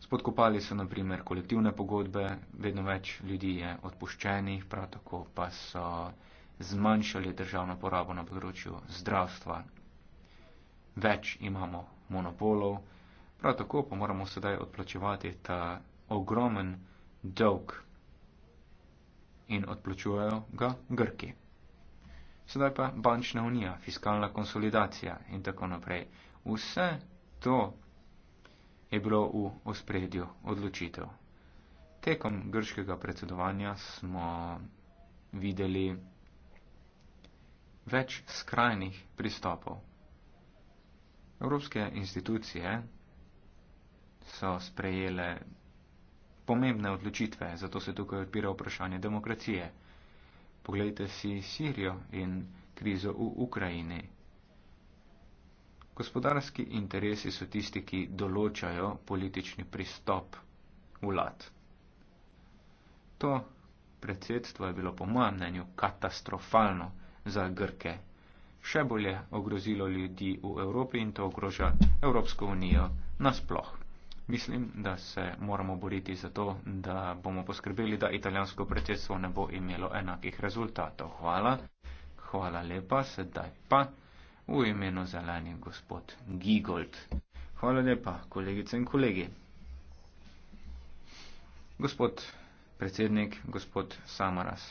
Spodkopali so, na primer, kolektivne pogodbe, vedno več ljudi je odpuščenih, prav tako pa so zmanjšali državno porabo na področju zdravstva, več imamo monopolov, prav tako pa moramo sedaj odplačevati ta ogromen dolg in odplačujejo ga Grki. Sedaj pa bančna unija, fiskalna konsolidacija in tako naprej. Vse to je bilo v ospredju odločitev. Tekom grškega predsedovanja smo videli več skrajnih pristopov Evropske institucije so sprejele pomembne odločitve, zato se tukaj odpira vprašanje demokracije. Poglejte si Sirijo in krizo v Ukrajini. Gospodarski interesi so tisti, ki določajo politični pristop vlad. To predsedstvo je bilo po mojem mnenju katastrofalno za Grke še bolje ogrozilo ljudi v Evropi in to ogroža Evropsko unijo nasploh. Mislim, da se moramo boriti za to, da bomo poskrbeli, da italijansko predsedstvo ne bo imelo enakih rezultatov. Hvala. Hvala lepa, sedaj pa v imenu zeleni gospod Gigold. Hvala lepa, kolegice in kolegi. Gospod predsednik, gospod Samaras.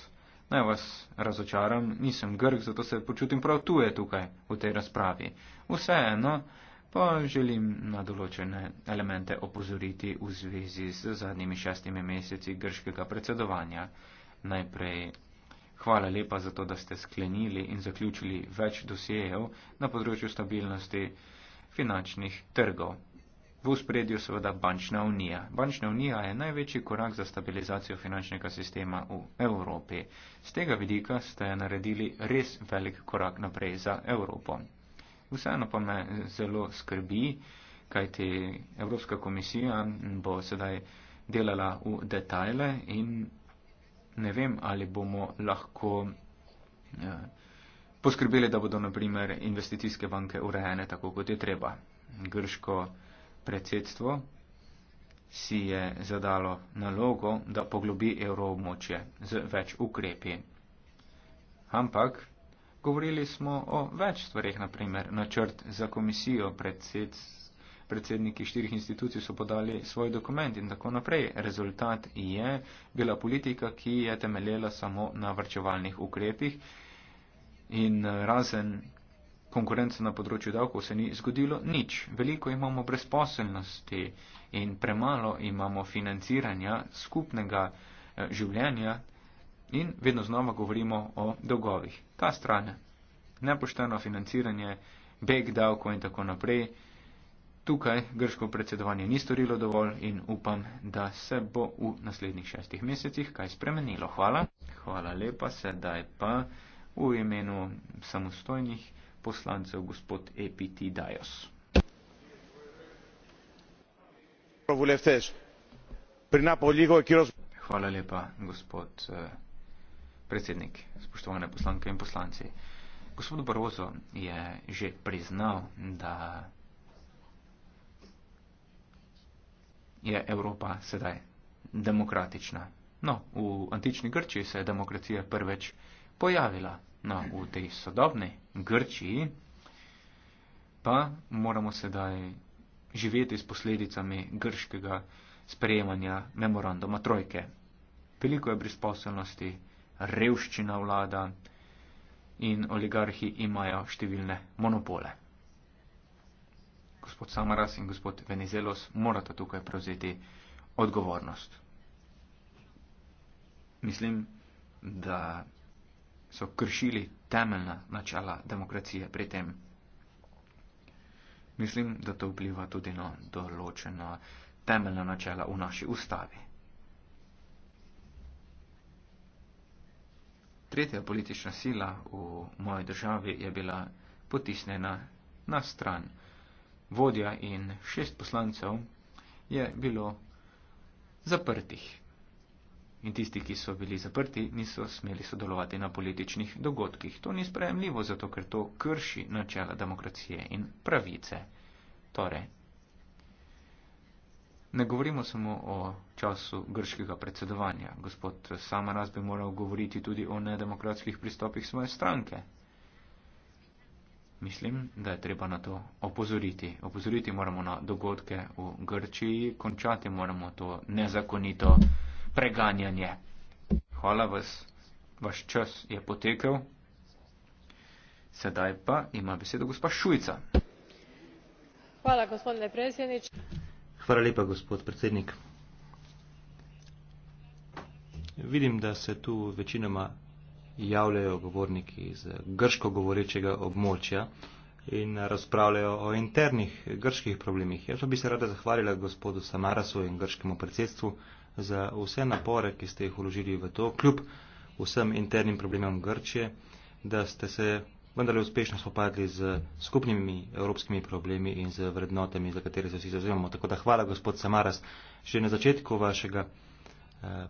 Naj vas razočaram, nisem grk, zato se počutim prav tuje tukaj, v tej razpravi. Vseeno pa želim na določene elemente opozoriti v zvezi z zadnjimi šestimi meseci grškega predsedovanja. Najprej hvala lepa za to, da ste sklenili in zaključili več dosejev na področju stabilnosti finančnih trgov. V uspredju seveda bančna unija. Bančna unija je največji korak za stabilizacijo finančnega sistema v Evropi. Z tega vidika ste naredili res velik korak naprej za Evropo. Vseeno pa me zelo skrbi, kajti Evropska komisija bo sedaj delala v detajle in ne vem, ali bomo lahko eh, poskrbeli, da bodo naprimer investicijske banke urejene tako, kot je treba. Grško predsedstvo si je zadalo nalogo, da poglobi evroobmočje z več ukrepi. Ampak govorili smo o več stvarih, naprimer načrt za komisijo, predsed, predsedniki štirih institucij so podali svoj dokument in tako naprej. Rezultat je bila politika, ki je temeljela samo na vrčevalnih ukrepih in razen konkurence na področju davkov se ni zgodilo nič. Veliko imamo brezposelnosti in premalo imamo financiranja skupnega eh, življenja in vedno znova govorimo o dolgovih. Ta stran, nepošteno financiranje, beg davkov in tako naprej, tukaj grško predsedovanje ni storilo dovolj in upam, da se bo v naslednjih šestih mesecih kaj spremenilo. Hvala. Hvala lepa, sedaj pa v imenu samostojnih poslancev, gospod E.P.T. Dajos. Hvala lepa, gospod eh, predsednik, spoštovane poslanke in poslanci. Gospod Barozo je že priznal, da je Evropa sedaj demokratična. No, v antični Grčiji se je demokracija prveč pojavila na, no, v tej sodobni Grčiji, pa moramo sedaj živeti s posledicami grškega sprejemanja memoranduma trojke. Veliko je brezposobnosti, revščina vlada in oligarhi imajo številne monopole. Gospod Samaras in gospod Venizelos morata tukaj prevzeti odgovornost. Mislim, da so kršili temeljna načela demokracije pri tem. Mislim, da to vpliva tudi na določena temeljna načela v naši ustavi. Tretja politična sila v moji državi je bila potisnjena na stran. Vodja in šest poslancev je bilo zaprtih in tisti, ki so bili zaprti, niso smeli sodelovati na političnih dogodkih. To ni sprejemljivo, zato ker to krši načela demokracije in pravice. Torej, ne govorimo samo o času grškega predsedovanja. Gospod Samaras bi moral govoriti tudi o nedemokratskih pristopih svoje stranke. Mislim, da je treba na to opozoriti. Opozoriti moramo na dogodke v Grčiji, končati moramo to nezakonito preganjanje. Hvala vas, vaš čas je potekel. Sedaj pa ima besedo gospa Šujca.
Hvala, gospodine predsednik.
Hvala lepa, gospod predsednik. Vidim, da se tu večinoma javljajo govorniki iz grško govorečega območja in razpravljajo o internih grških problemih. Jaz pa bi se rada zahvalila gospodu Samarasu in grškemu predsedstvu, za vse napore, ki ste jih uložili v to, kljub vsem internim problemom Grčije, da ste se vendarle uspešno spopadli z skupnimi evropskimi problemi in z vrednotami, za katere se vsi zazemamo. Tako da hvala, gospod Samaras. Že na začetku vašega eh,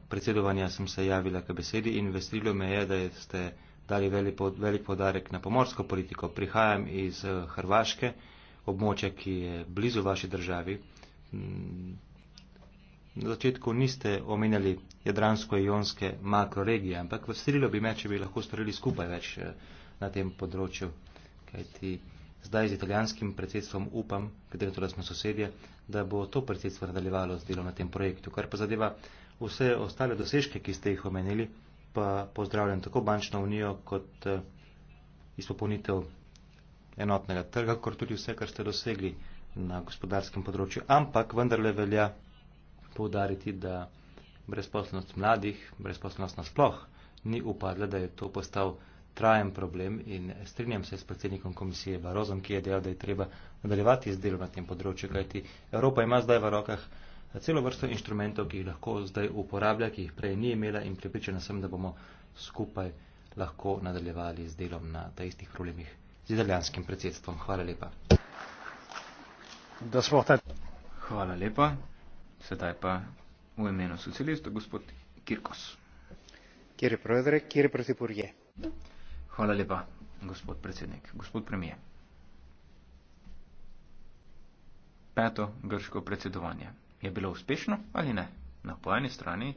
predsedovanja sem se javila k besedi in veselilo me je, da ste dali velik podarek na pomorsko politiko. Prihajam iz eh, Hrvaške, območja, ki je blizu vaši državi na začetku niste omenjali jadransko-ionske makroregije, ampak vstrilo bi me, če bi lahko storili skupaj več eh, na tem področju, kajti zdaj z italijanskim predsedstvom upam, kateri to, da smo sosedje, da bo to predsedstvo nadaljevalo z delom na tem projektu. Kar pa zadeva vse ostale dosežke, ki ste jih omenili, pa pozdravljam tako bančno unijo kot eh, izpopolnitev enotnega trga, kot tudi vse, kar ste dosegli na gospodarskem področju. Ampak vendarle velja poudariti, da brezposlenost mladih, brezposlenost nasploh, ni upadla, da je to postal trajen problem in strinjam se s predsednikom komisije Barozom, ki je dejal, da je treba nadaljevati z delom na tem področju, kajti Evropa ima zdaj v rokah celo vrsto inštrumentov, ki jih lahko zdaj uporablja, ki jih prej ni imela in pripričana sem, da bomo skupaj lahko nadaljevali z delom na ta istih problemih z italijanskim predsedstvom. Hvala lepa. Hvala lepa. Sedaj
pa v imenu socialista gospod Kirkos. Kjer je prodre, kjer je protipurje. Hvala lepa, gospod predsednik. Gospod premije. Peto grško predsedovanje. Je bilo uspešno ali ne? Na po eni strani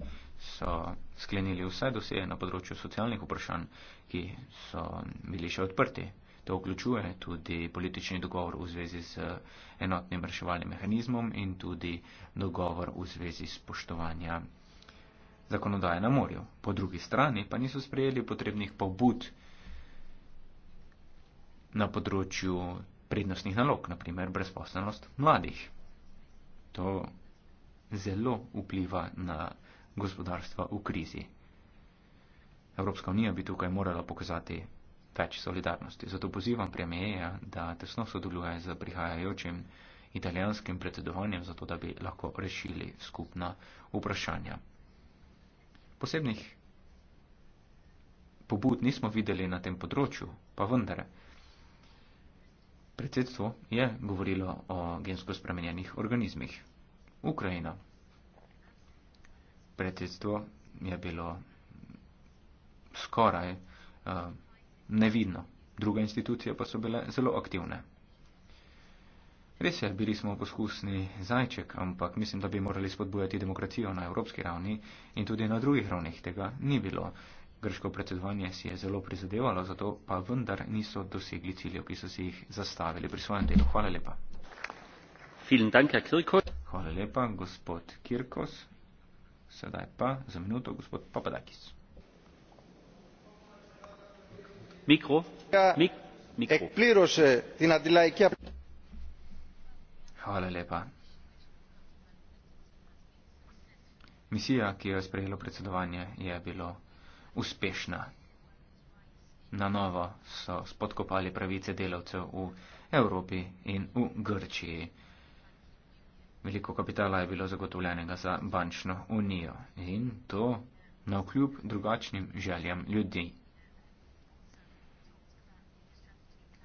so sklenili vse doseje na področju socialnih vprašanj, ki so bili še odprti. To vključuje tudi politični dogovor v zvezi z enotnim reševalnim mehanizmom in tudi dogovor v zvezi s poštovanja zakonodaje na morju. Po drugi strani pa niso sprejeli potrebnih pobud na področju prednostnih nalog, naprimer brezposelnost mladih. To zelo vpliva na gospodarstva v krizi. Evropska unija bi tukaj morala pokazati več solidarnosti. Zato pozivam premijeja, da tesno sodeluje z prihajajočim italijanskim predsedovanjem, zato da bi lahko rešili skupna vprašanja. Posebnih pobud nismo videli na tem področju, pa vendar. Predsedstvo je govorilo o gensko spremenjenih organizmih. Ukrajina. Predsedstvo je bilo skoraj uh, nevidno. Druge institucije pa so bile zelo aktivne. Res je, bili smo poskusni zajček, ampak mislim, da bi morali spodbujati demokracijo na evropski ravni in tudi na drugih ravnih tega ni bilo. Grško predsedovanje si je zelo prizadevalo, zato pa vendar niso dosegli ciljev, ki so si jih zastavili pri svojem delu. Hvala lepa. Dank, Hvala lepa, gospod Kirkos. Sedaj pa za minuto gospod Papadakis.
εκπλήρωσε την αντιλαϊκή απειλή.
Misija, ki jo je sprejelo predsedovanje, je bilo uspešna. Na novo so spodkopali pravice delavcev v Evropi in v Grčiji. Veliko kapitala je bilo zagotovljenega za bančno unijo in to na vkljub drugačnim željam ljudi.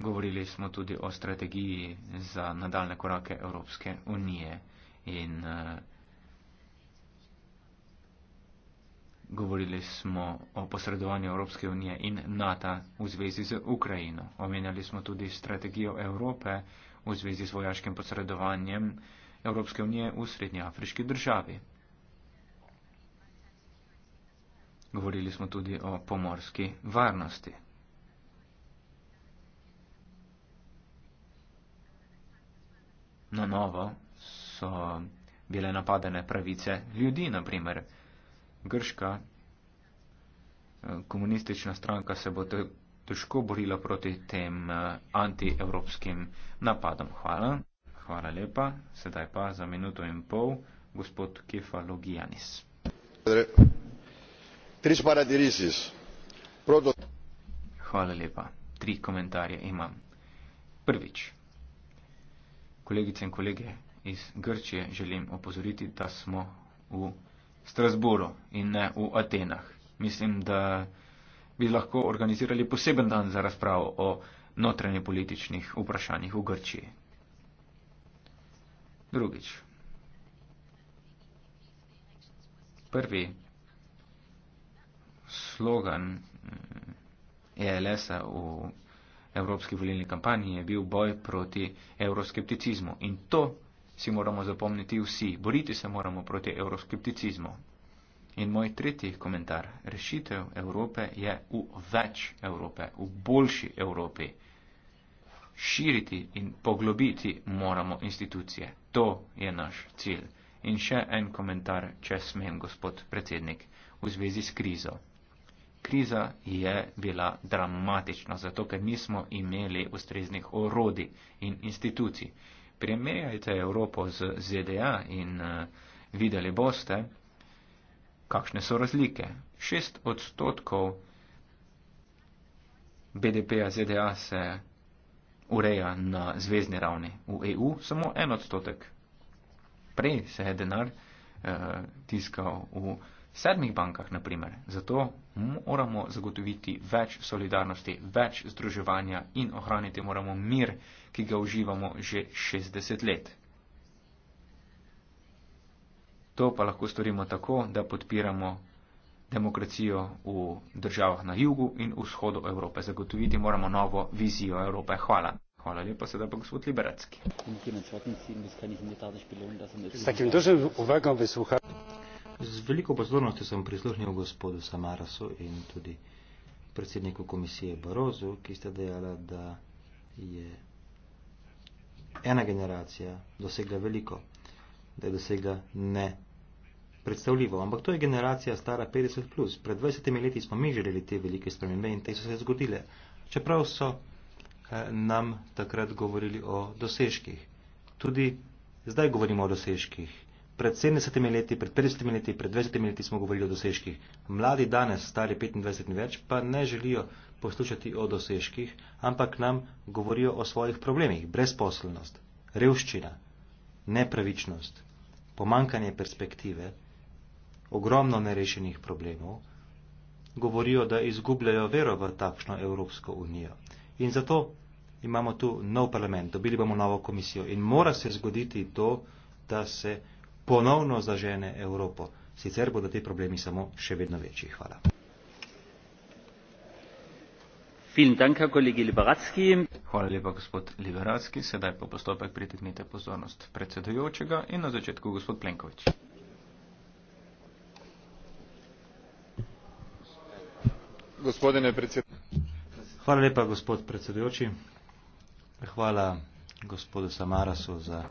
Govorili smo tudi o strategiji za nadaljne korake Evropske unije in eh, Govorili smo o posredovanju Evropske unije in NATO v zvezi z Ukrajino. Omenjali smo tudi strategijo Evrope v zvezi s vojaškim posredovanjem Evropske unije v srednjeafriški državi. Govorili smo tudi o pomorski varnosti. na novo so bile napadene pravice ljudi, naprimer. Grška eh, komunistična stranka se bo težko borila proti tem eh, antievropskim napadom. Hvala. Hvala lepa. Sedaj pa za minuto in pol gospod Kefalogijanis. Hvala lepa. Tri komentarje imam. Prvič kolegice in kolege iz Grčije želim opozoriti, da smo v Strasburu in ne v Atenah. Mislim, da bi lahko organizirali poseben dan za razpravo o notranje političnih vprašanjih v Grčiji. Drugič. Prvi slogan mm, ELS-a v evropski volilni kampanji je bil boj proti euroskepticizmu. In to si moramo zapomniti vsi. Boriti se moramo proti euroskepticizmu. In moj tretji komentar. Rešitev Evrope je v več Evrope, v boljši Evropi. Širiti in poglobiti moramo institucije. To je naš cilj. In še en komentar, če smem, gospod predsednik, v zvezi s krizo kriza je bila dramatična, zato ker nismo imeli ustreznih orodij in institucij. Primerjajte Evropo z ZDA in uh, videli boste, kakšne so razlike. Šest odstotkov BDP-a ZDA se ureja na zvezdni ravni, v EU samo en odstotek. Prej se je denar uh, tiskal v sedmih bankah, na primer. Zato moramo zagotoviti več solidarnosti, več združevanja in ohraniti moramo mir, ki ga uživamo že 60 let. To pa lahko storimo tako, da podpiramo demokracijo v državah na jugu in vzhodu Evrope. Zagotoviti moramo novo vizijo Evrope. Hvala. Hvala lepa, sedaj pa gospod Liberacki.
Zdaj, Z veliko pozornosti sem prisluhnil gospodu Samarasu in tudi predsedniku komisije Barozu, ki ste dejala, da je ena generacija dosegla veliko, da je dosegla ne predstavljivo, ampak to je generacija stara 50 plus. Pred 20 leti smo mi želeli te velike spremembe in te so se zgodile. Čeprav so eh, nam takrat govorili o dosežkih. Tudi zdaj govorimo o dosežkih pred 70 leti, pred 50 leti, pred 20 leti smo govorili o dosežkih. Mladi danes, stari 25 in več, pa ne želijo poslušati o dosežkih, ampak nam govorijo o svojih problemih. Brezposelnost, revščina, nepravičnost, pomankanje perspektive, ogromno nerešenih problemov, govorijo, da izgubljajo vero v takšno Evropsko unijo. In zato imamo tu nov parlament, dobili bomo novo komisijo in mora se zgoditi to, da se ponovno zažene Evropo. Sicer bodo te problemi samo še vedno večji. Hvala. Hvala lepa, gospod Liberacki.
Sedaj pa postopek pritegnite pozornost predsedujočega in na začetku gospod Plenković.
Hvala lepa, gospod predsedujoči. Hvala gospodu Samarasu za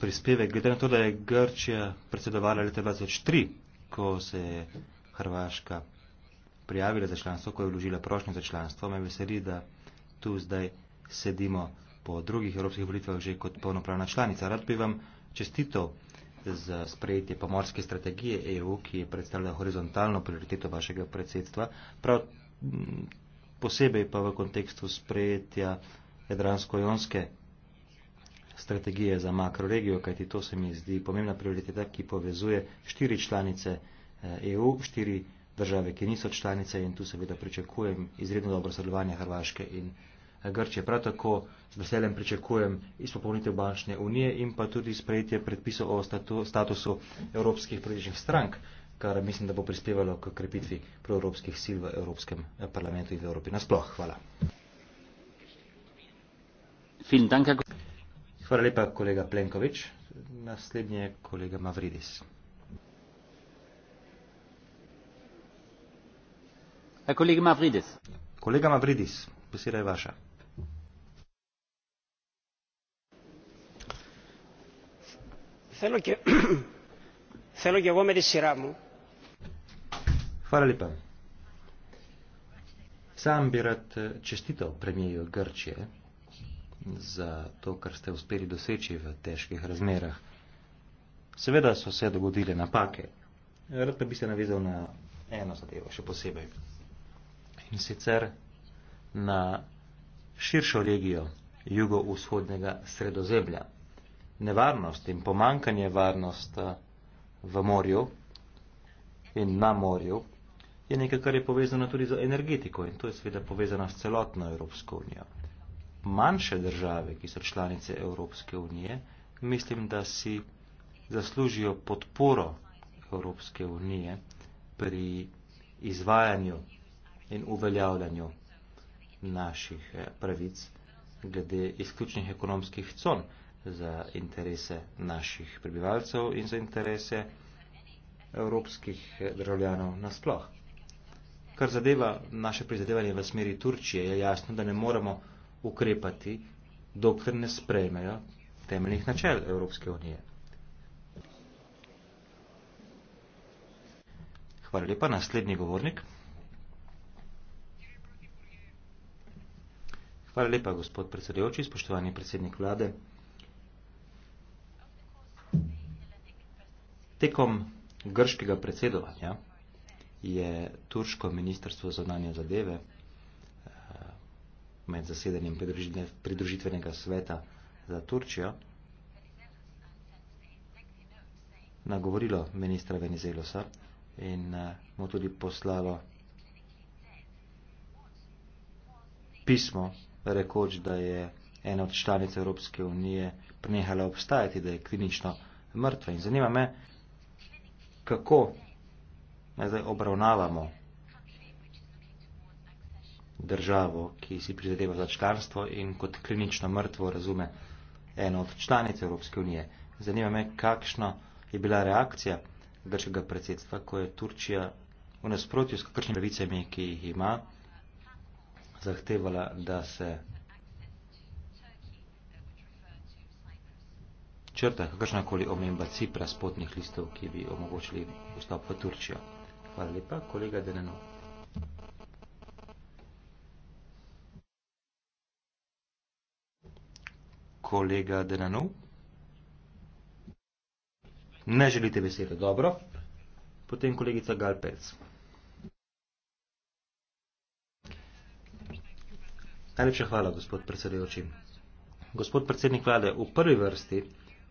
prispevek, glede na to, da je Grčija predsedovala leta 2003, ko se je Hrvaška prijavila za članstvo, ko je vložila prošnjo za članstvo, me veseli, da tu zdaj sedimo po drugih evropskih volitvah že kot polnopravna članica. Rad bi vam čestito za sprejetje pomorske strategije EU, ki je predstavljala horizontalno prioriteto vašega predsedstva, prav posebej pa v kontekstu sprejetja Jadransko-Jonske strategije za makroregijo, kajti to se mi zdi pomembna prioriteta, ki povezuje štiri članice EU, eh, e štiri države, ki niso članice in tu seveda pričakujem izredno dobro sodelovanje Hrvaške in eh, Grče. Prav tako z veseljem pričakujem izpopolnitev bančne unije in pa tudi sprejetje predpisov o statusu evropskih političnih strank, kar mislim, da bo prispevalo k krepitvi proevropskih sil v Evropskem eh, parlamentu in v Evropi. Nasploh, hvala. Vielen Dank, Herr Hvala lepa, kolega Plenković. Naslednji je kolega Mavridis. A e, kolega Mavridis. Kolega Mavridis, posira je vaša. Celo je vome desiramo. Hvala lepa. Sam bi rad eh, čestitev premijeju Grčije, za to, kar ste uspeli doseči v težkih razmerah. Seveda so se dogodile napake. Rad pa bi se navezal na eno zadevo, še posebej. In sicer na širšo regijo jugovzhodnega sredozemlja. Nevarnost in pomankanje varnost eh, v morju in na morju je nekaj, kar je povezano tudi z energetiko in to je seveda povezano s celotno Evropsko unijo manjše države, ki so članice Evropske unije, mislim, da si zaslužijo podporo Evropske unije pri izvajanju in uveljavljanju naših eh, pravic glede izključnih ekonomskih con za interese naših prebivalcev in za interese evropskih eh, državljanov nasploh. Kar zadeva naše prizadevanje v smeri Turčije, je jasno, da ne moremo ukrepati, dokler ne sprejmejo temeljnih načel Evropske unije. Hvala lepa, naslednji govornik. Hvala lepa, gospod predsedujoči, spoštovani predsednik vlade. Tekom grškega predsedovanja je turško ministrstvo za zadeve med zasedanjem pridružitvenega sveta za Turčijo nagovorilo ministra Venizelosa in eh, mu tudi poslalo pismo, rekoč, da je ena od članic Evropske unije prenehala obstajati, da je klinično mrtva. In zanima me, kako zdaj obravnavamo državo, ki si prizadeva za članstvo in kot klinično mrtvo razume eno od članic Evropske unije. Zanima me, kakšna je bila reakcija grškega predsedstva, ko je Turčija v nasprotju s kakršnimi pravicami, ki jih ima, zahtevala, da se črta kakršnakoli omemba Cipra spotnih listov, ki bi omogočili vstop v Turčijo. Hvala lepa, kolega Denenov. kolega Denanov? Ne želite besede, dobro. Potem kolegica Galpec. Najlepša hvala, gospod predsedujoči. Gospod predsednik vlade, v prvi vrsti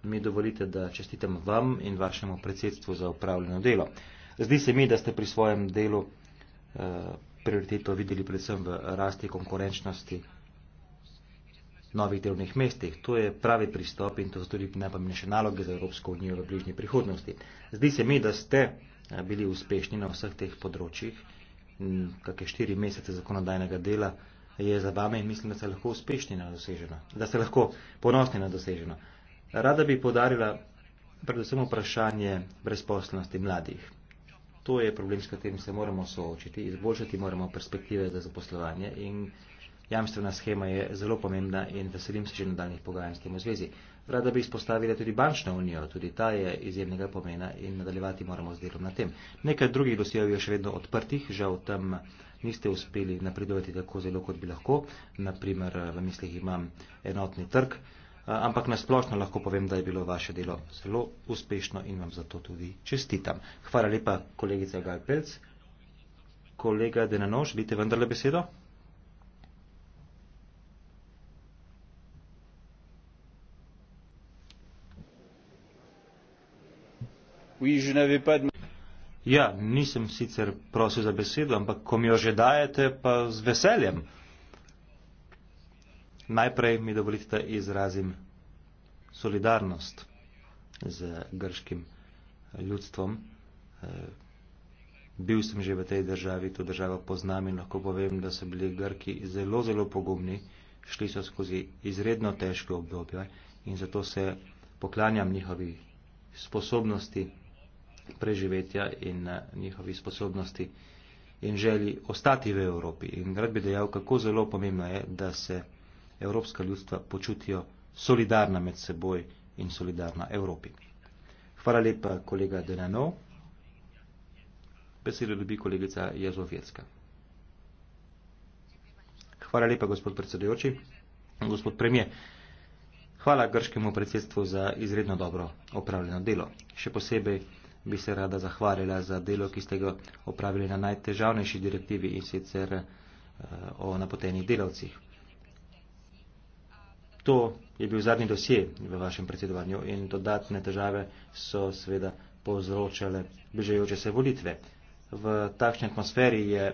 mi dovolite, da čestitam vam in vašemu predsedstvu za upravljeno delo. Zdi se mi, da ste pri svojem delu eh, prioriteto videli predvsem v rasti konkurenčnosti novih delovnih mestih. To je pravi pristop in to so tudi najpomembnejše naloge za Evropsko unijo v bližnji prihodnosti. Zdi se mi, da ste eh, bili uspešni na vseh teh področjih. Kakšne štiri mesece zakonodajnega dela je za vami in mislim, da ste lahko uspešni na doseženo, da ste lahko ponosni na doseženo. Rada bi podarila predvsem vprašanje brezposlenosti mladih. To je problem, s katerim se moramo soočiti, izboljšati moramo perspektive za zaposlovanje in jamstvena schema je zelo pomembna in veselim se že nadaljnih pogajanj s tem v zvezi. Rada bi izpostavila tudi bančno unijo, tudi ta je izjemnega pomena in nadaljevati moramo z delom na tem. Nekaj drugih dosjev je še vedno odprtih, žal tam niste uspeli napredovati tako zelo, kot bi lahko. Naprimer, v mislih imam enotni trg, ampak nasplošno lahko povem, da je bilo vaše delo zelo uspešno in vam zato tudi čestitam. Hvala lepa, kolegica Gajpelc. Kolega Denanoš, vidite vendarle besedo? Ja, nisem sicer prosil za besedo, ampak ko mi jo že dajete, pa z veseljem. Najprej mi dovolite, da izrazim solidarnost z grškim ljudstvom. Eh, bil sem že v tej državi, to državo poznam in lahko povem, da so bili Grki zelo, zelo pogumni, šli so skozi izredno težko obdobje in zato se poklanjam njihovi sposobnosti preživetja in eh, njihovi sposobnosti in želi ostati v Evropi. In rad bi dejal, kako zelo pomembno je, da se evropska ljudstva počutijo solidarna med seboj in solidarna Evropi. Hvala lepa, kolega Denano. Besedo dobi kolegica Jazovjetska. Hvala lepa, gospod predsedujoči. Gospod premije, hvala grškemu predsedstvu za izredno dobro opravljeno delo. Še posebej bi se rada zahvalila za delo, ki ste ga opravili na najtežavnejši direktivi in sicer eh, o napotenih delavcih. To je bil zadnji dosje v vašem predsedovanju in dodatne težave so seveda povzročale bližajoče se volitve. V takšni atmosferi je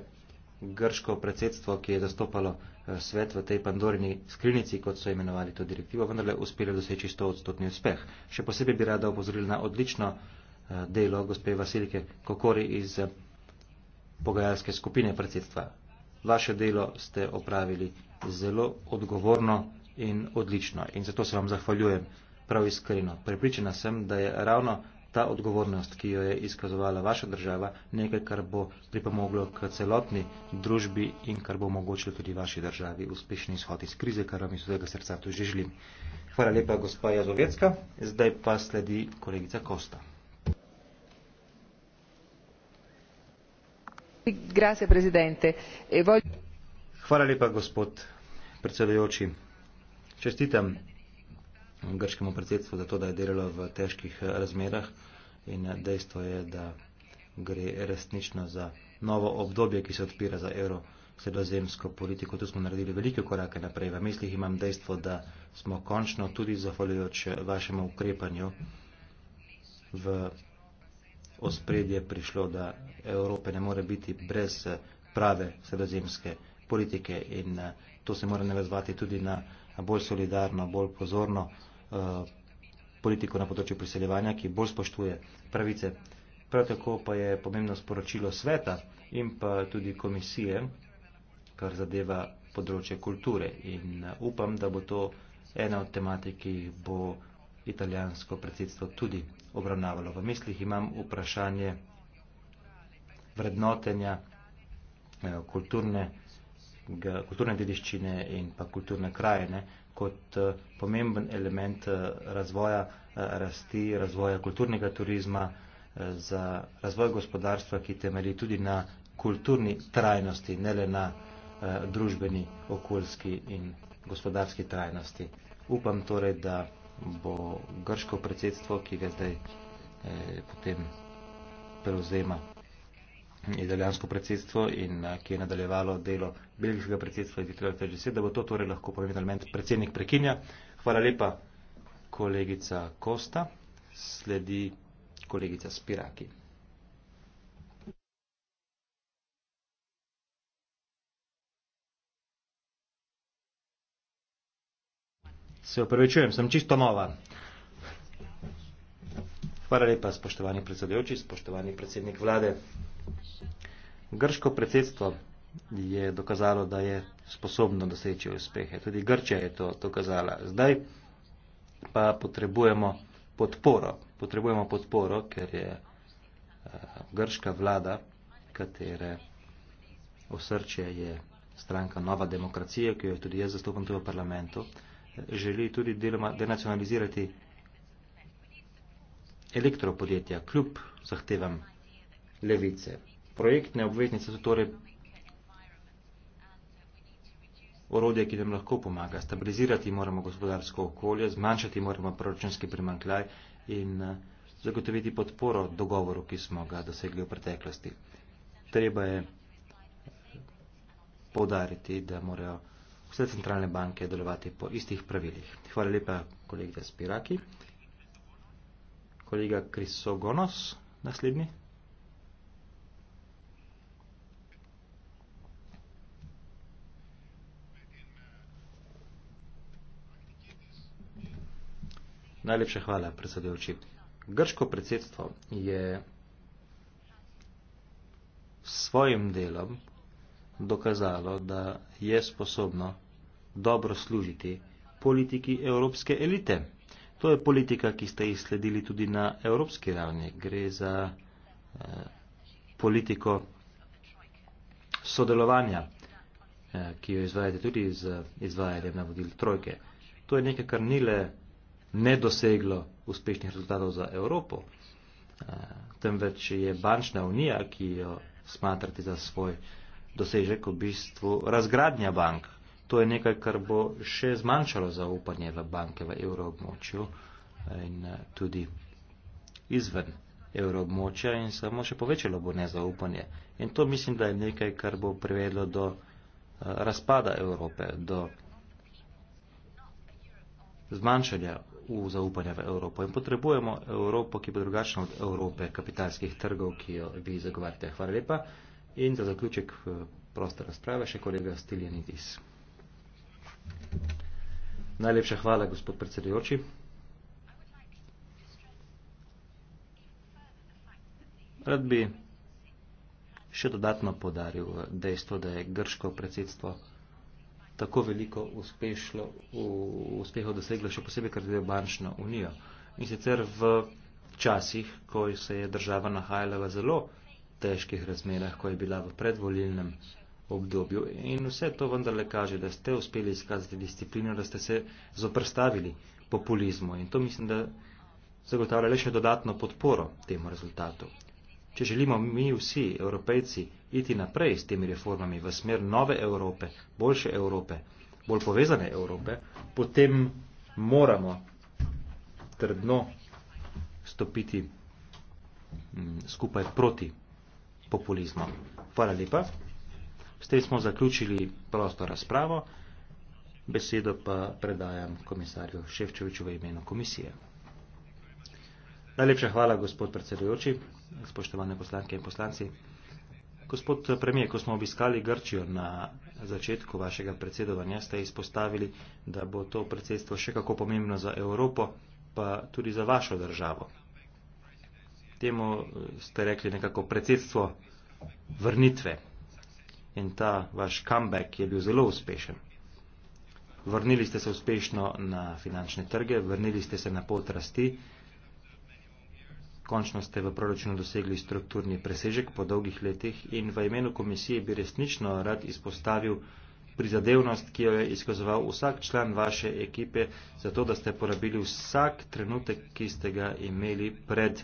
grško predsedstvo, ki je zastopalo eh, svet v tej pandorini skrinici, kot so imenovali to direktivo, vendarle uspelo doseči 100-odstotni uspeh. Še posebej bi rada opozorila na odlično Eh, delo gospe Vasilike Kokori iz eh, pogajalske skupine predsedstva. Vaše delo ste opravili zelo odgovorno in odlično in zato se vam zahvaljujem prav iskreno. Prepričana sem, da je ravno ta odgovornost, ki jo je izkazovala vaša država, nekaj, kar bo pripomoglo k celotni družbi in kar bo omogočilo tudi vaši državi uspešni izhod iz krize, kar vam iz vsega srca tu že želim. Hvala lepa, gospa Jazovecka. Zdaj pa sledi kolegica Kosta. E čestitam grškemu predsedstvu za to da je delalo v težkih eh, razmerah in eh, dejstvo je da gre resnično za novo obdobje ki se odpira za evro sredozemsko politiko tu smo naredili velike korake naprej v mislih imam dejstvo da smo končno tudi zahvaljujoč vašemu ukrepanju v ospredje prišlo, da Evrope ne more biti brez eh, prave sredozemske politike in eh, to se mora navezvati tudi na bolj solidarno, bolj pozorno eh, politiko na področju priseljevanja, ki bolj spoštuje pravice. Prav tako pa je pomembno sporočilo sveta in pa tudi komisije, kar zadeva področje kulture in upam, da bo to ena od tematik, ki bo italijansko predsedstvo tudi obravnavalo. V mislih imam vprašanje vrednotenja eh, kulturne, kulturne dediščine in pa kulturne krajine kot eh, pomemben element eh, razvoja rasti, razvoja kulturnega turizma, za razvoj gospodarstva, ki temelji tudi na kulturni trajnosti, ne le na eh, družbeni, okoljski in gospodarski trajnosti. Upam torej, da bo grško predsedstvo, ki ga zdaj eh, potem prevzema italijansko predsedstvo in eh, ki je nadaljevalo delo belgijskega predsedstva iz 2010, da bo to torej lahko pomemben element predsednik prekinja. Hvala lepa, kolegica Kosta. Sledi kolegica Spiraki. Se upravičujem, sem čisto nova. Hvala lepa, spoštovani predsedujoči, spoštovani predsednik vlade. Grško predsedstvo je dokazalo, da je sposobno doseči uspehe. Tudi Grčja je to dokazala. Zdaj pa potrebujemo podporo. Potrebujemo podporo, ker je eh, grška vlada, katere osrče je stranka Nova demokracija, ki jo je tudi jaz zastupam tudi v parlamentu, želi tudi deloma denacionalizirati elektropodjetja, kljub zahtevam levice. Projektne obveznice so torej orodje, ki nam lahko pomaga. Stabilizirati moramo gospodarsko okolje, zmanjšati moramo proračunski primanklaj in eh, zagotoviti podporo dogovoru, ki smo ga dosegli v preteklosti. Treba je eh, podariti, da morajo vse centralne banke delovati po istih pravilih. Hvala lepa, kolega Spiraki. Kolega Krisogonos, naslednji. Najlepša hvala, predsedujoči. Grško predsedstvo je svojim delom dokazalo, da je sposobno dobro služiti politiki evropske elite. To je politika, ki ste jih sledili tudi na evropski ravni. Gre za eh, politiko sodelovanja, eh, ki jo izvajate tudi z izvajanjem navodil trojke. To je nekaj, kar ni le nedoseglo uspešnih rezultatov za Evropo, eh, temveč je bančna unija, ki jo smatrate za svoj dosežek v bistvu razgradnja bank. To je nekaj, kar bo še zmanjšalo zaupanje v banke v evroobmočju in eh, tudi izven evroobmočja in samo še povečalo bo nezaupanje. In to mislim, da je nekaj, kar bo privedlo do eh, razpada Evrope, do zmanjšanja v zaupanje v Evropo. In potrebujemo Evropo, ki bo drugačna od Evrope kapitalskih trgov, ki jo vi zagovarjate. Hvala lepa. In za zaključek eh, prostor razprave še kolega Stiljanidis. Najlepša hvala, gospod predsedujoči. Rad bi še dodatno podaril dejstvo, da je grško predsedstvo tako veliko uspešlo, v uspehu doseglo, še posebej, ker je bančno unijo. In sicer v časih, ko se je država nahajala v zelo težkih razmerah, ko je bila v predvolilnem obdobju in vse to vendarle kaže, da ste uspeli izkazati disciplino, da ste se zoprstavili populizmu in to mislim, da zagotavlja le še dodatno podporo temu rezultatu. Če želimo mi vsi, evropejci, iti naprej s temi reformami v smer nove Evrope, boljše Evrope, bolj povezane Evrope, potem moramo trdno stopiti mm, skupaj proti populizmu. Hvala lepa. S tem smo zaključili prosto razpravo. Besedo pa predajam komisarju Ševčeviču v imenu komisije. Najlepša hvala, gospod predsedujoči, spoštovane poslanke in poslanci. Gospod premijer, ko smo obiskali Grčijo na začetku vašega predsedovanja, ste izpostavili, da bo to predsedstvo še kako pomembno za Evropo, pa tudi za vašo državo. Temu ste rekli nekako predsedstvo vrnitve in ta vaš comeback je bil zelo uspešen. Vrnili ste se uspešno na finančne trge, vrnili ste se na pot rasti, končno ste v proračunu dosegli strukturni presežek po dolgih letih in v imenu komisije bi resnično rad izpostavil prizadevnost, ki jo je izkazoval vsak član vaše ekipe, zato da ste porabili vsak trenutek, ki ste ga imeli pred.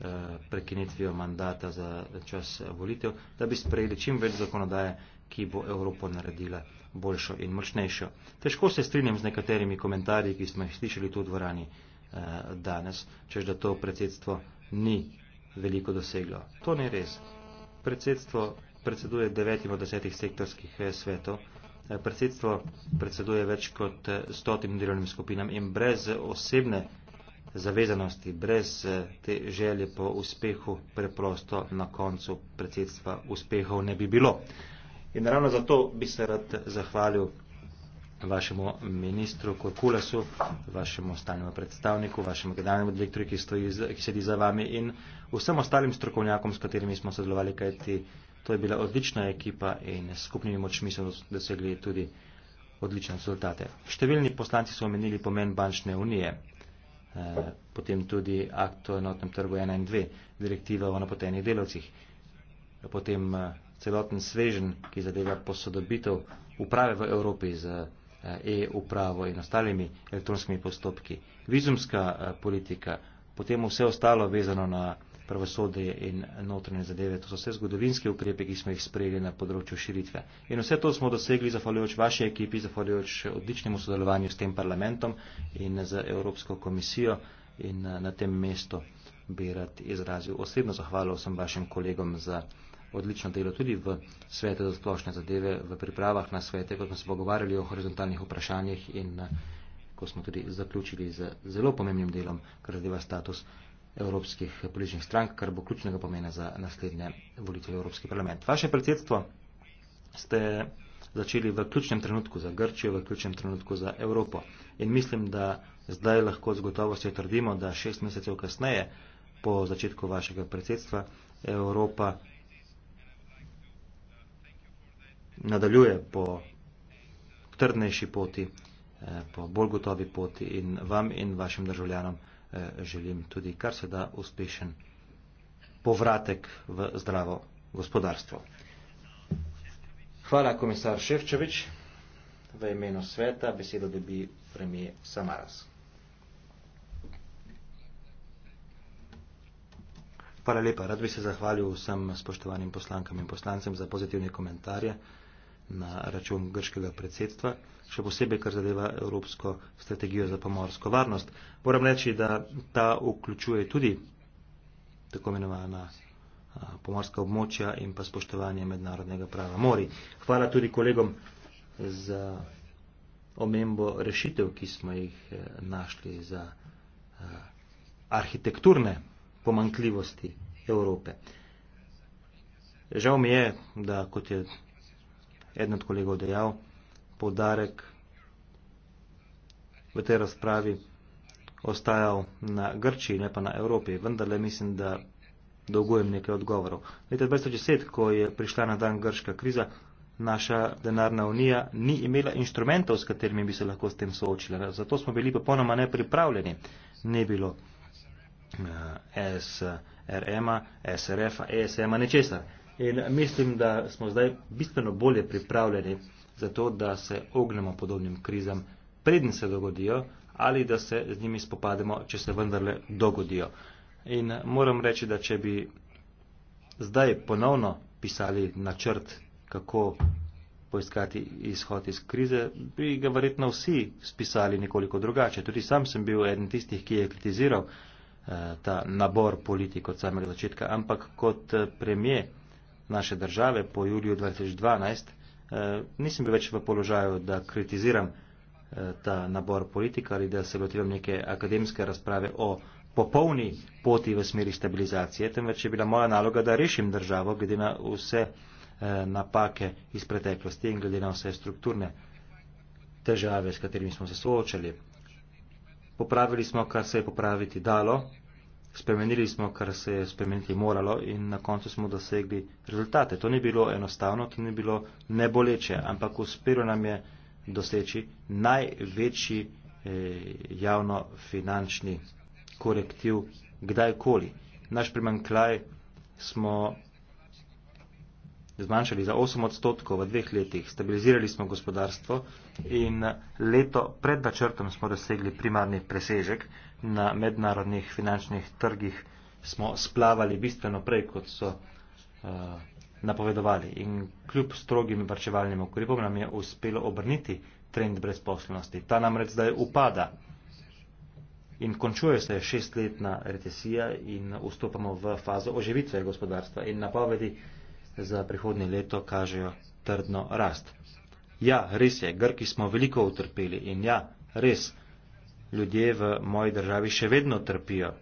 Eh, prekinitvijo mandata za čas volitev, da bi sprejeli čim več zakonodaje, ki bo Evropo naredila boljšo in močnejšo. Težko se strinjam z nekaterimi komentarji, ki smo jih slišali tu v dvorani eh, danes, čež da to predsedstvo ni veliko doseglo. To ni res. Predsedstvo predseduje devetim od desetih sektorskih eh, svetov, eh, predsedstvo predseduje več kot eh, stotim delovnim skupinam in brez osebne zavezanosti, brez eh, te želje po uspehu, preprosto na koncu predsedstva uspehov ne bi bilo. In ravno zato bi se rad zahvalil vašemu ministru Kurkulasu, vašemu stalnemu predstavniku, vašemu generalnemu direktorju, ki, stoji, ki sedi za vami in vsem ostalim strokovnjakom, s katerimi smo sodelovali, kajti to je bila odlična ekipa in s skupnimi močmi smo dosegli tudi odlične rezultate. Številni poslanci so omenili pomen bančne unije. Eh, potem tudi akt o enotnem trgu 1 in 2, direktiva o napotenih delovcih, potem eh, celoten svežen, ki zadeva posodobitev uprave v Evropi z eh, e-upravo in ostalimi elektronskimi postopki, vizumska politika, potem vse ostalo vezano na pravosodje in notranje zadeve. To so vse zgodovinske ukrepe, ki smo jih sprejeli na področju širitve. In vse to smo dosegli zahvaljujoč vaši ekipi, zahvaljujoč odličnemu sodelovanju s tem parlamentom in z Evropsko komisijo in eh, na tem mestu bi rad izrazil osebno zahvalo vsem vašim kolegom za odlično delo tudi v svete za splošne zadeve, v pripravah na svete, ko smo se pogovarjali o horizontalnih vprašanjih in eh, ko smo tudi zaključili z zelo pomembnim delom, kar zadeva status evropskih bližnjih strank, kar bo ključnega pomena za naslednje volitve v Evropski parlament. Vaše predsedstvo ste začeli v ključnem trenutku za Grčijo, v ključnem trenutku za Evropo. In mislim, da zdaj lahko z gotovostjo trdimo, da šest mesecev kasneje, po začetku vašega predsedstva, Evropa nadaljuje po trdnejši poti, eh, po bolj gotovi poti in vam in vašim državljanom. Eh, želim tudi kar se da uspešen povratek v zdravo gospodarstvo. Hvala, komisar Ševčevič. V imenu sveta besedo dobi premije Samaras. Hvala lepa. Rad bi se zahvalil vsem spoštovanim poslankam in poslancem za pozitivne komentarje na račun grškega predsedstva še posebej, kar zadeva Evropsko strategijo za pomorsko varnost. Moram reči, da ta vključuje tudi tako imenovana pomorska območja in pa spoštovanje mednarodnega prava mori. Hvala tudi kolegom za omembo rešitev, ki smo jih e, našli za arhitekturne pomankljivosti Evrope. Žal mi je, da kot je eden od kolegov dejal, podarek v tej razpravi ostajal na Grči, ne pa na Evropi. Vendar le mislim, da dolgujem nekaj odgovorov. Leta 2010, ko je prišla na dan grška kriza, naša denarna unija ni imela inštrumentov, s katerimi bi se lahko s tem soočila. Zato smo bili popolnoma nepripravljeni. Ne bilo uh, eh, SRM-a, SRF-a, ESM-a, nečesar. In mislim, da smo zdaj bistveno bolje pripravljeni zato da se ognemo podobnim krizam, predn se dogodijo ali da se z njimi spopademo, če se vendarle dogodijo. In eh, moram reči, da če bi zdaj ponovno pisali načrt, kako poiskati izhod iz krize, bi ga verjetno vsi spisali nekoliko drugače. Tudi sam sem bil eden tistih, ki je kritiziral eh, ta nabor politik od samega začetka, ampak kot eh, premije naše države po juliju 2012 Eh, nisem bil več v položaju, da kritiziram eh, ta nabor politik ali da se lotiram neke akademske razprave o popolni poti v smeri stabilizacije, temveč je bila moja naloga, da rešim državo glede na vse eh, napake iz preteklosti in glede na vse strukturne težave, s katerimi smo se soočali. Popravili smo, kar se je popraviti dalo, spremenili smo, kar se je spremeniti moralo in na koncu smo dosegli rezultate. To ni bilo enostavno, to ni bilo neboleče, ampak uspelo nam je doseči največji eh, javno-finančni korektiv kdajkoli. Naš primankljaj smo zmanjšali za 8 odstotkov v dveh letih, stabilizirali smo gospodarstvo in leto pred načrtom smo dosegli primarni presežek. Eh, na mednarodnih finančnih trgih smo splavali bistveno prej, kot so uh, napovedovali. In kljub strogim varčevalnim ukrepom nam je uspelo obrniti trend brezposlenosti. Ta namreč zdaj upada in končuje se šestletna recesija in vstopamo v fazo oživitve gospodarstva in napovedi za prihodnje leto kažejo trdno rast. Ja, res je, Grki smo veliko utrpeli in ja, res, ljudje v moji državi še vedno trpijo.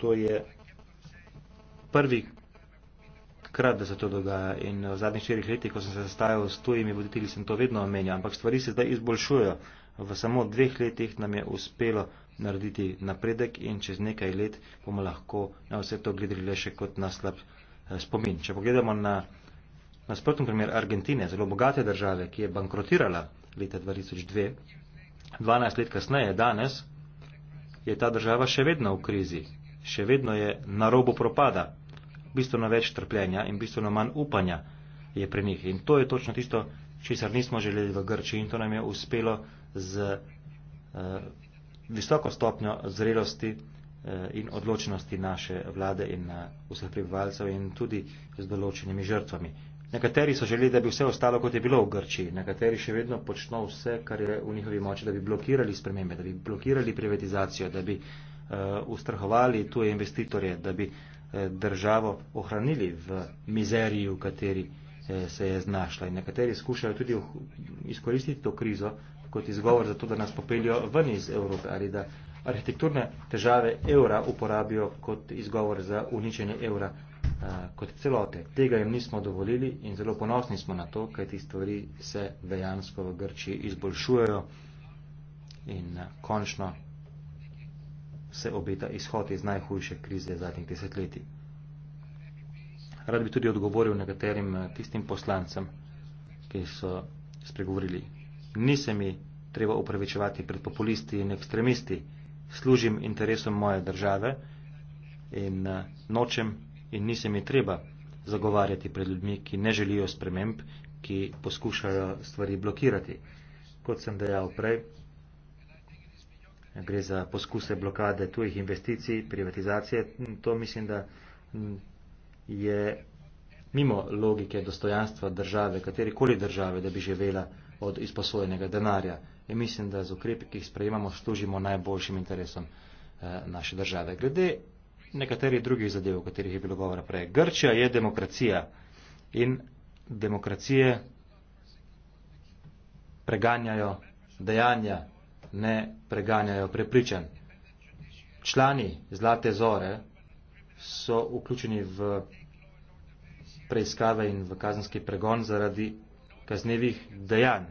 To je prvi krat, da se to dogaja in v zadnjih štirih letih, ko sem se zastajal s tujimi voditelji, sem to vedno omenjal, ampak stvari se zdaj izboljšujejo. V samo dveh letih nam je uspelo narediti napredek in čez nekaj let bomo lahko na vse to gledali le še kot na slab eh, spomin. Če pogledamo na nasprotni primer Argentine, zelo bogate države, ki je bankrotirala leta 2002, 12 let kasneje, danes, je ta država še vedno v krizi, še vedno je na robu propada, bistveno več trpljenja in bistveno manj upanja je pri njih. In to je točno tisto, česar nismo želeli v Grči in to nam je uspelo z eh, visoko stopnjo zrelosti eh, in odločenosti naše vlade in eh, vseh prebivalcev in tudi z določenimi žrtvami. Nekateri so želeli, da bi vse ostalo, kot je bilo v Grčiji. Nekateri še vedno počno vse, kar je v njihovi moči, da bi blokirali spremembe, da bi blokirali privatizacijo, da bi uh, ustrahovali tuje investitorje, da bi uh, državo ohranili v mizeriji, v kateri uh, se je znašla. In nekateri skušajo tudi uh, izkoristiti to krizo kot izgovor za to, da nas popeljajo ven iz Evrope ali da arhitekturne težave evra uporabijo kot izgovor za uničenje evra kot celote. Tega jim nismo dovolili in zelo ponosni smo na to, kaj ti stvari se dejansko v Grčiji izboljšujejo in končno se obeta izhod iz najhujše krize zadnjih desetletij. Rad bi tudi odgovoril nekaterim tistim poslancem, ki so spregovorili. Ni se mi treba upravičevati pred populisti in ekstremisti. Služim interesom moje države in nočem in ni se mi treba zagovarjati pred ljudmi, ki ne želijo sprememb, ki poskušajo stvari blokirati. Kot sem dejal prej, gre za poskuse blokade tujih investicij, privatizacije. To mislim, da je mimo logike dostojanstva države, katerikoli države, da bi živela od izposojenega denarja. In mislim, da z ukrepi, ki jih sprejemamo, služimo najboljšim interesom eh, naše države. Glede nekaterih drugih zadev, o katerih je bilo govora prej. Grčija je demokracija in demokracije preganjajo dejanja, ne preganjajo prepričanj. Člani Zlate Zore so vključeni v preiskave in v kazenski pregon zaradi kaznevih dejanj.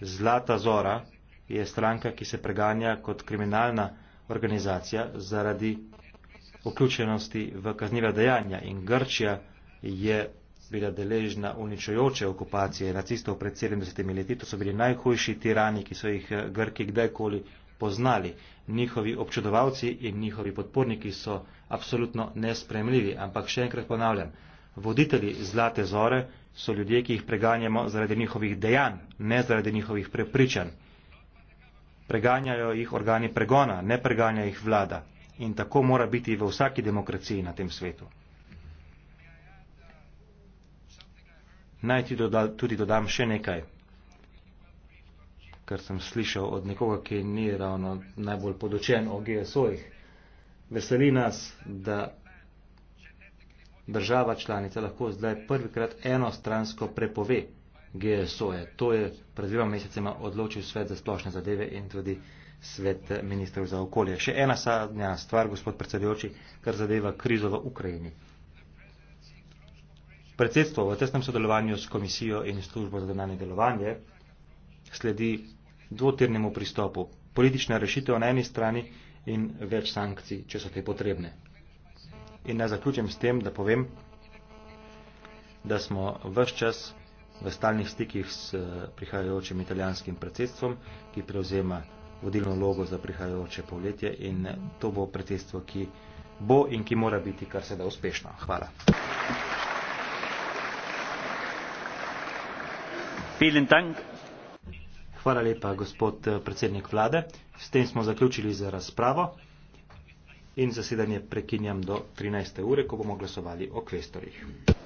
Zlata Zora je stranka, ki se preganja kot kriminalna organizacija organizacija zaradi vključenosti v kazniva dejanja in Grčija je bila deležna uničujoče okupacije nacistov pred 70 leti. To so bili najhujši tirani, ki so jih eh, Grki kdajkoli poznali. Njihovi občudovalci in njihovi podporniki so absolutno nespremljivi. Ampak še enkrat ponavljam, voditelji Zlate zore so ljudje, ki jih preganjamo zaradi njihovih dejanj, ne zaradi njihovih prepričanj preganjajo jih organi pregona, ne preganja jih vlada. In tako mora biti v vsaki demokraciji na tem svetu. Naj ti doda, tudi dodam še nekaj, kar sem slišal od nekoga, ki ni ravno najbolj podočen o GSO-jih. Veseli nas, da država članica lahko zdaj prvikrat enostransko prepove GSO-je. To je pred dvima mesecema odločil svet za splošne zadeve in tudi svet ministrov za okolje. Še ena sadnja stvar, gospod predsedujoči, kar zadeva krizo v Ukrajini. Predsedstvo v tesnem sodelovanju s komisijo in službo za denarne delovanje sledi dvotirnemu pristopu. Politična rešitev na eni strani in več sankcij, če so te potrebne. In naj zaključim s tem, da povem, da smo vse čas v stalnih stikih s eh, prihajajočim italijanskim predsedstvom, ki prevzema vodilno logo za prihajajoče poletje in eh, to bo predsedstvo, ki bo in ki mora biti kar se da uspešno. Hvala. Hvala lepa, gospod eh, predsednik vlade. S tem smo zaključili za razpravo in zasedanje prekinjam do 13. ure, ko bomo glasovali o kvestorih.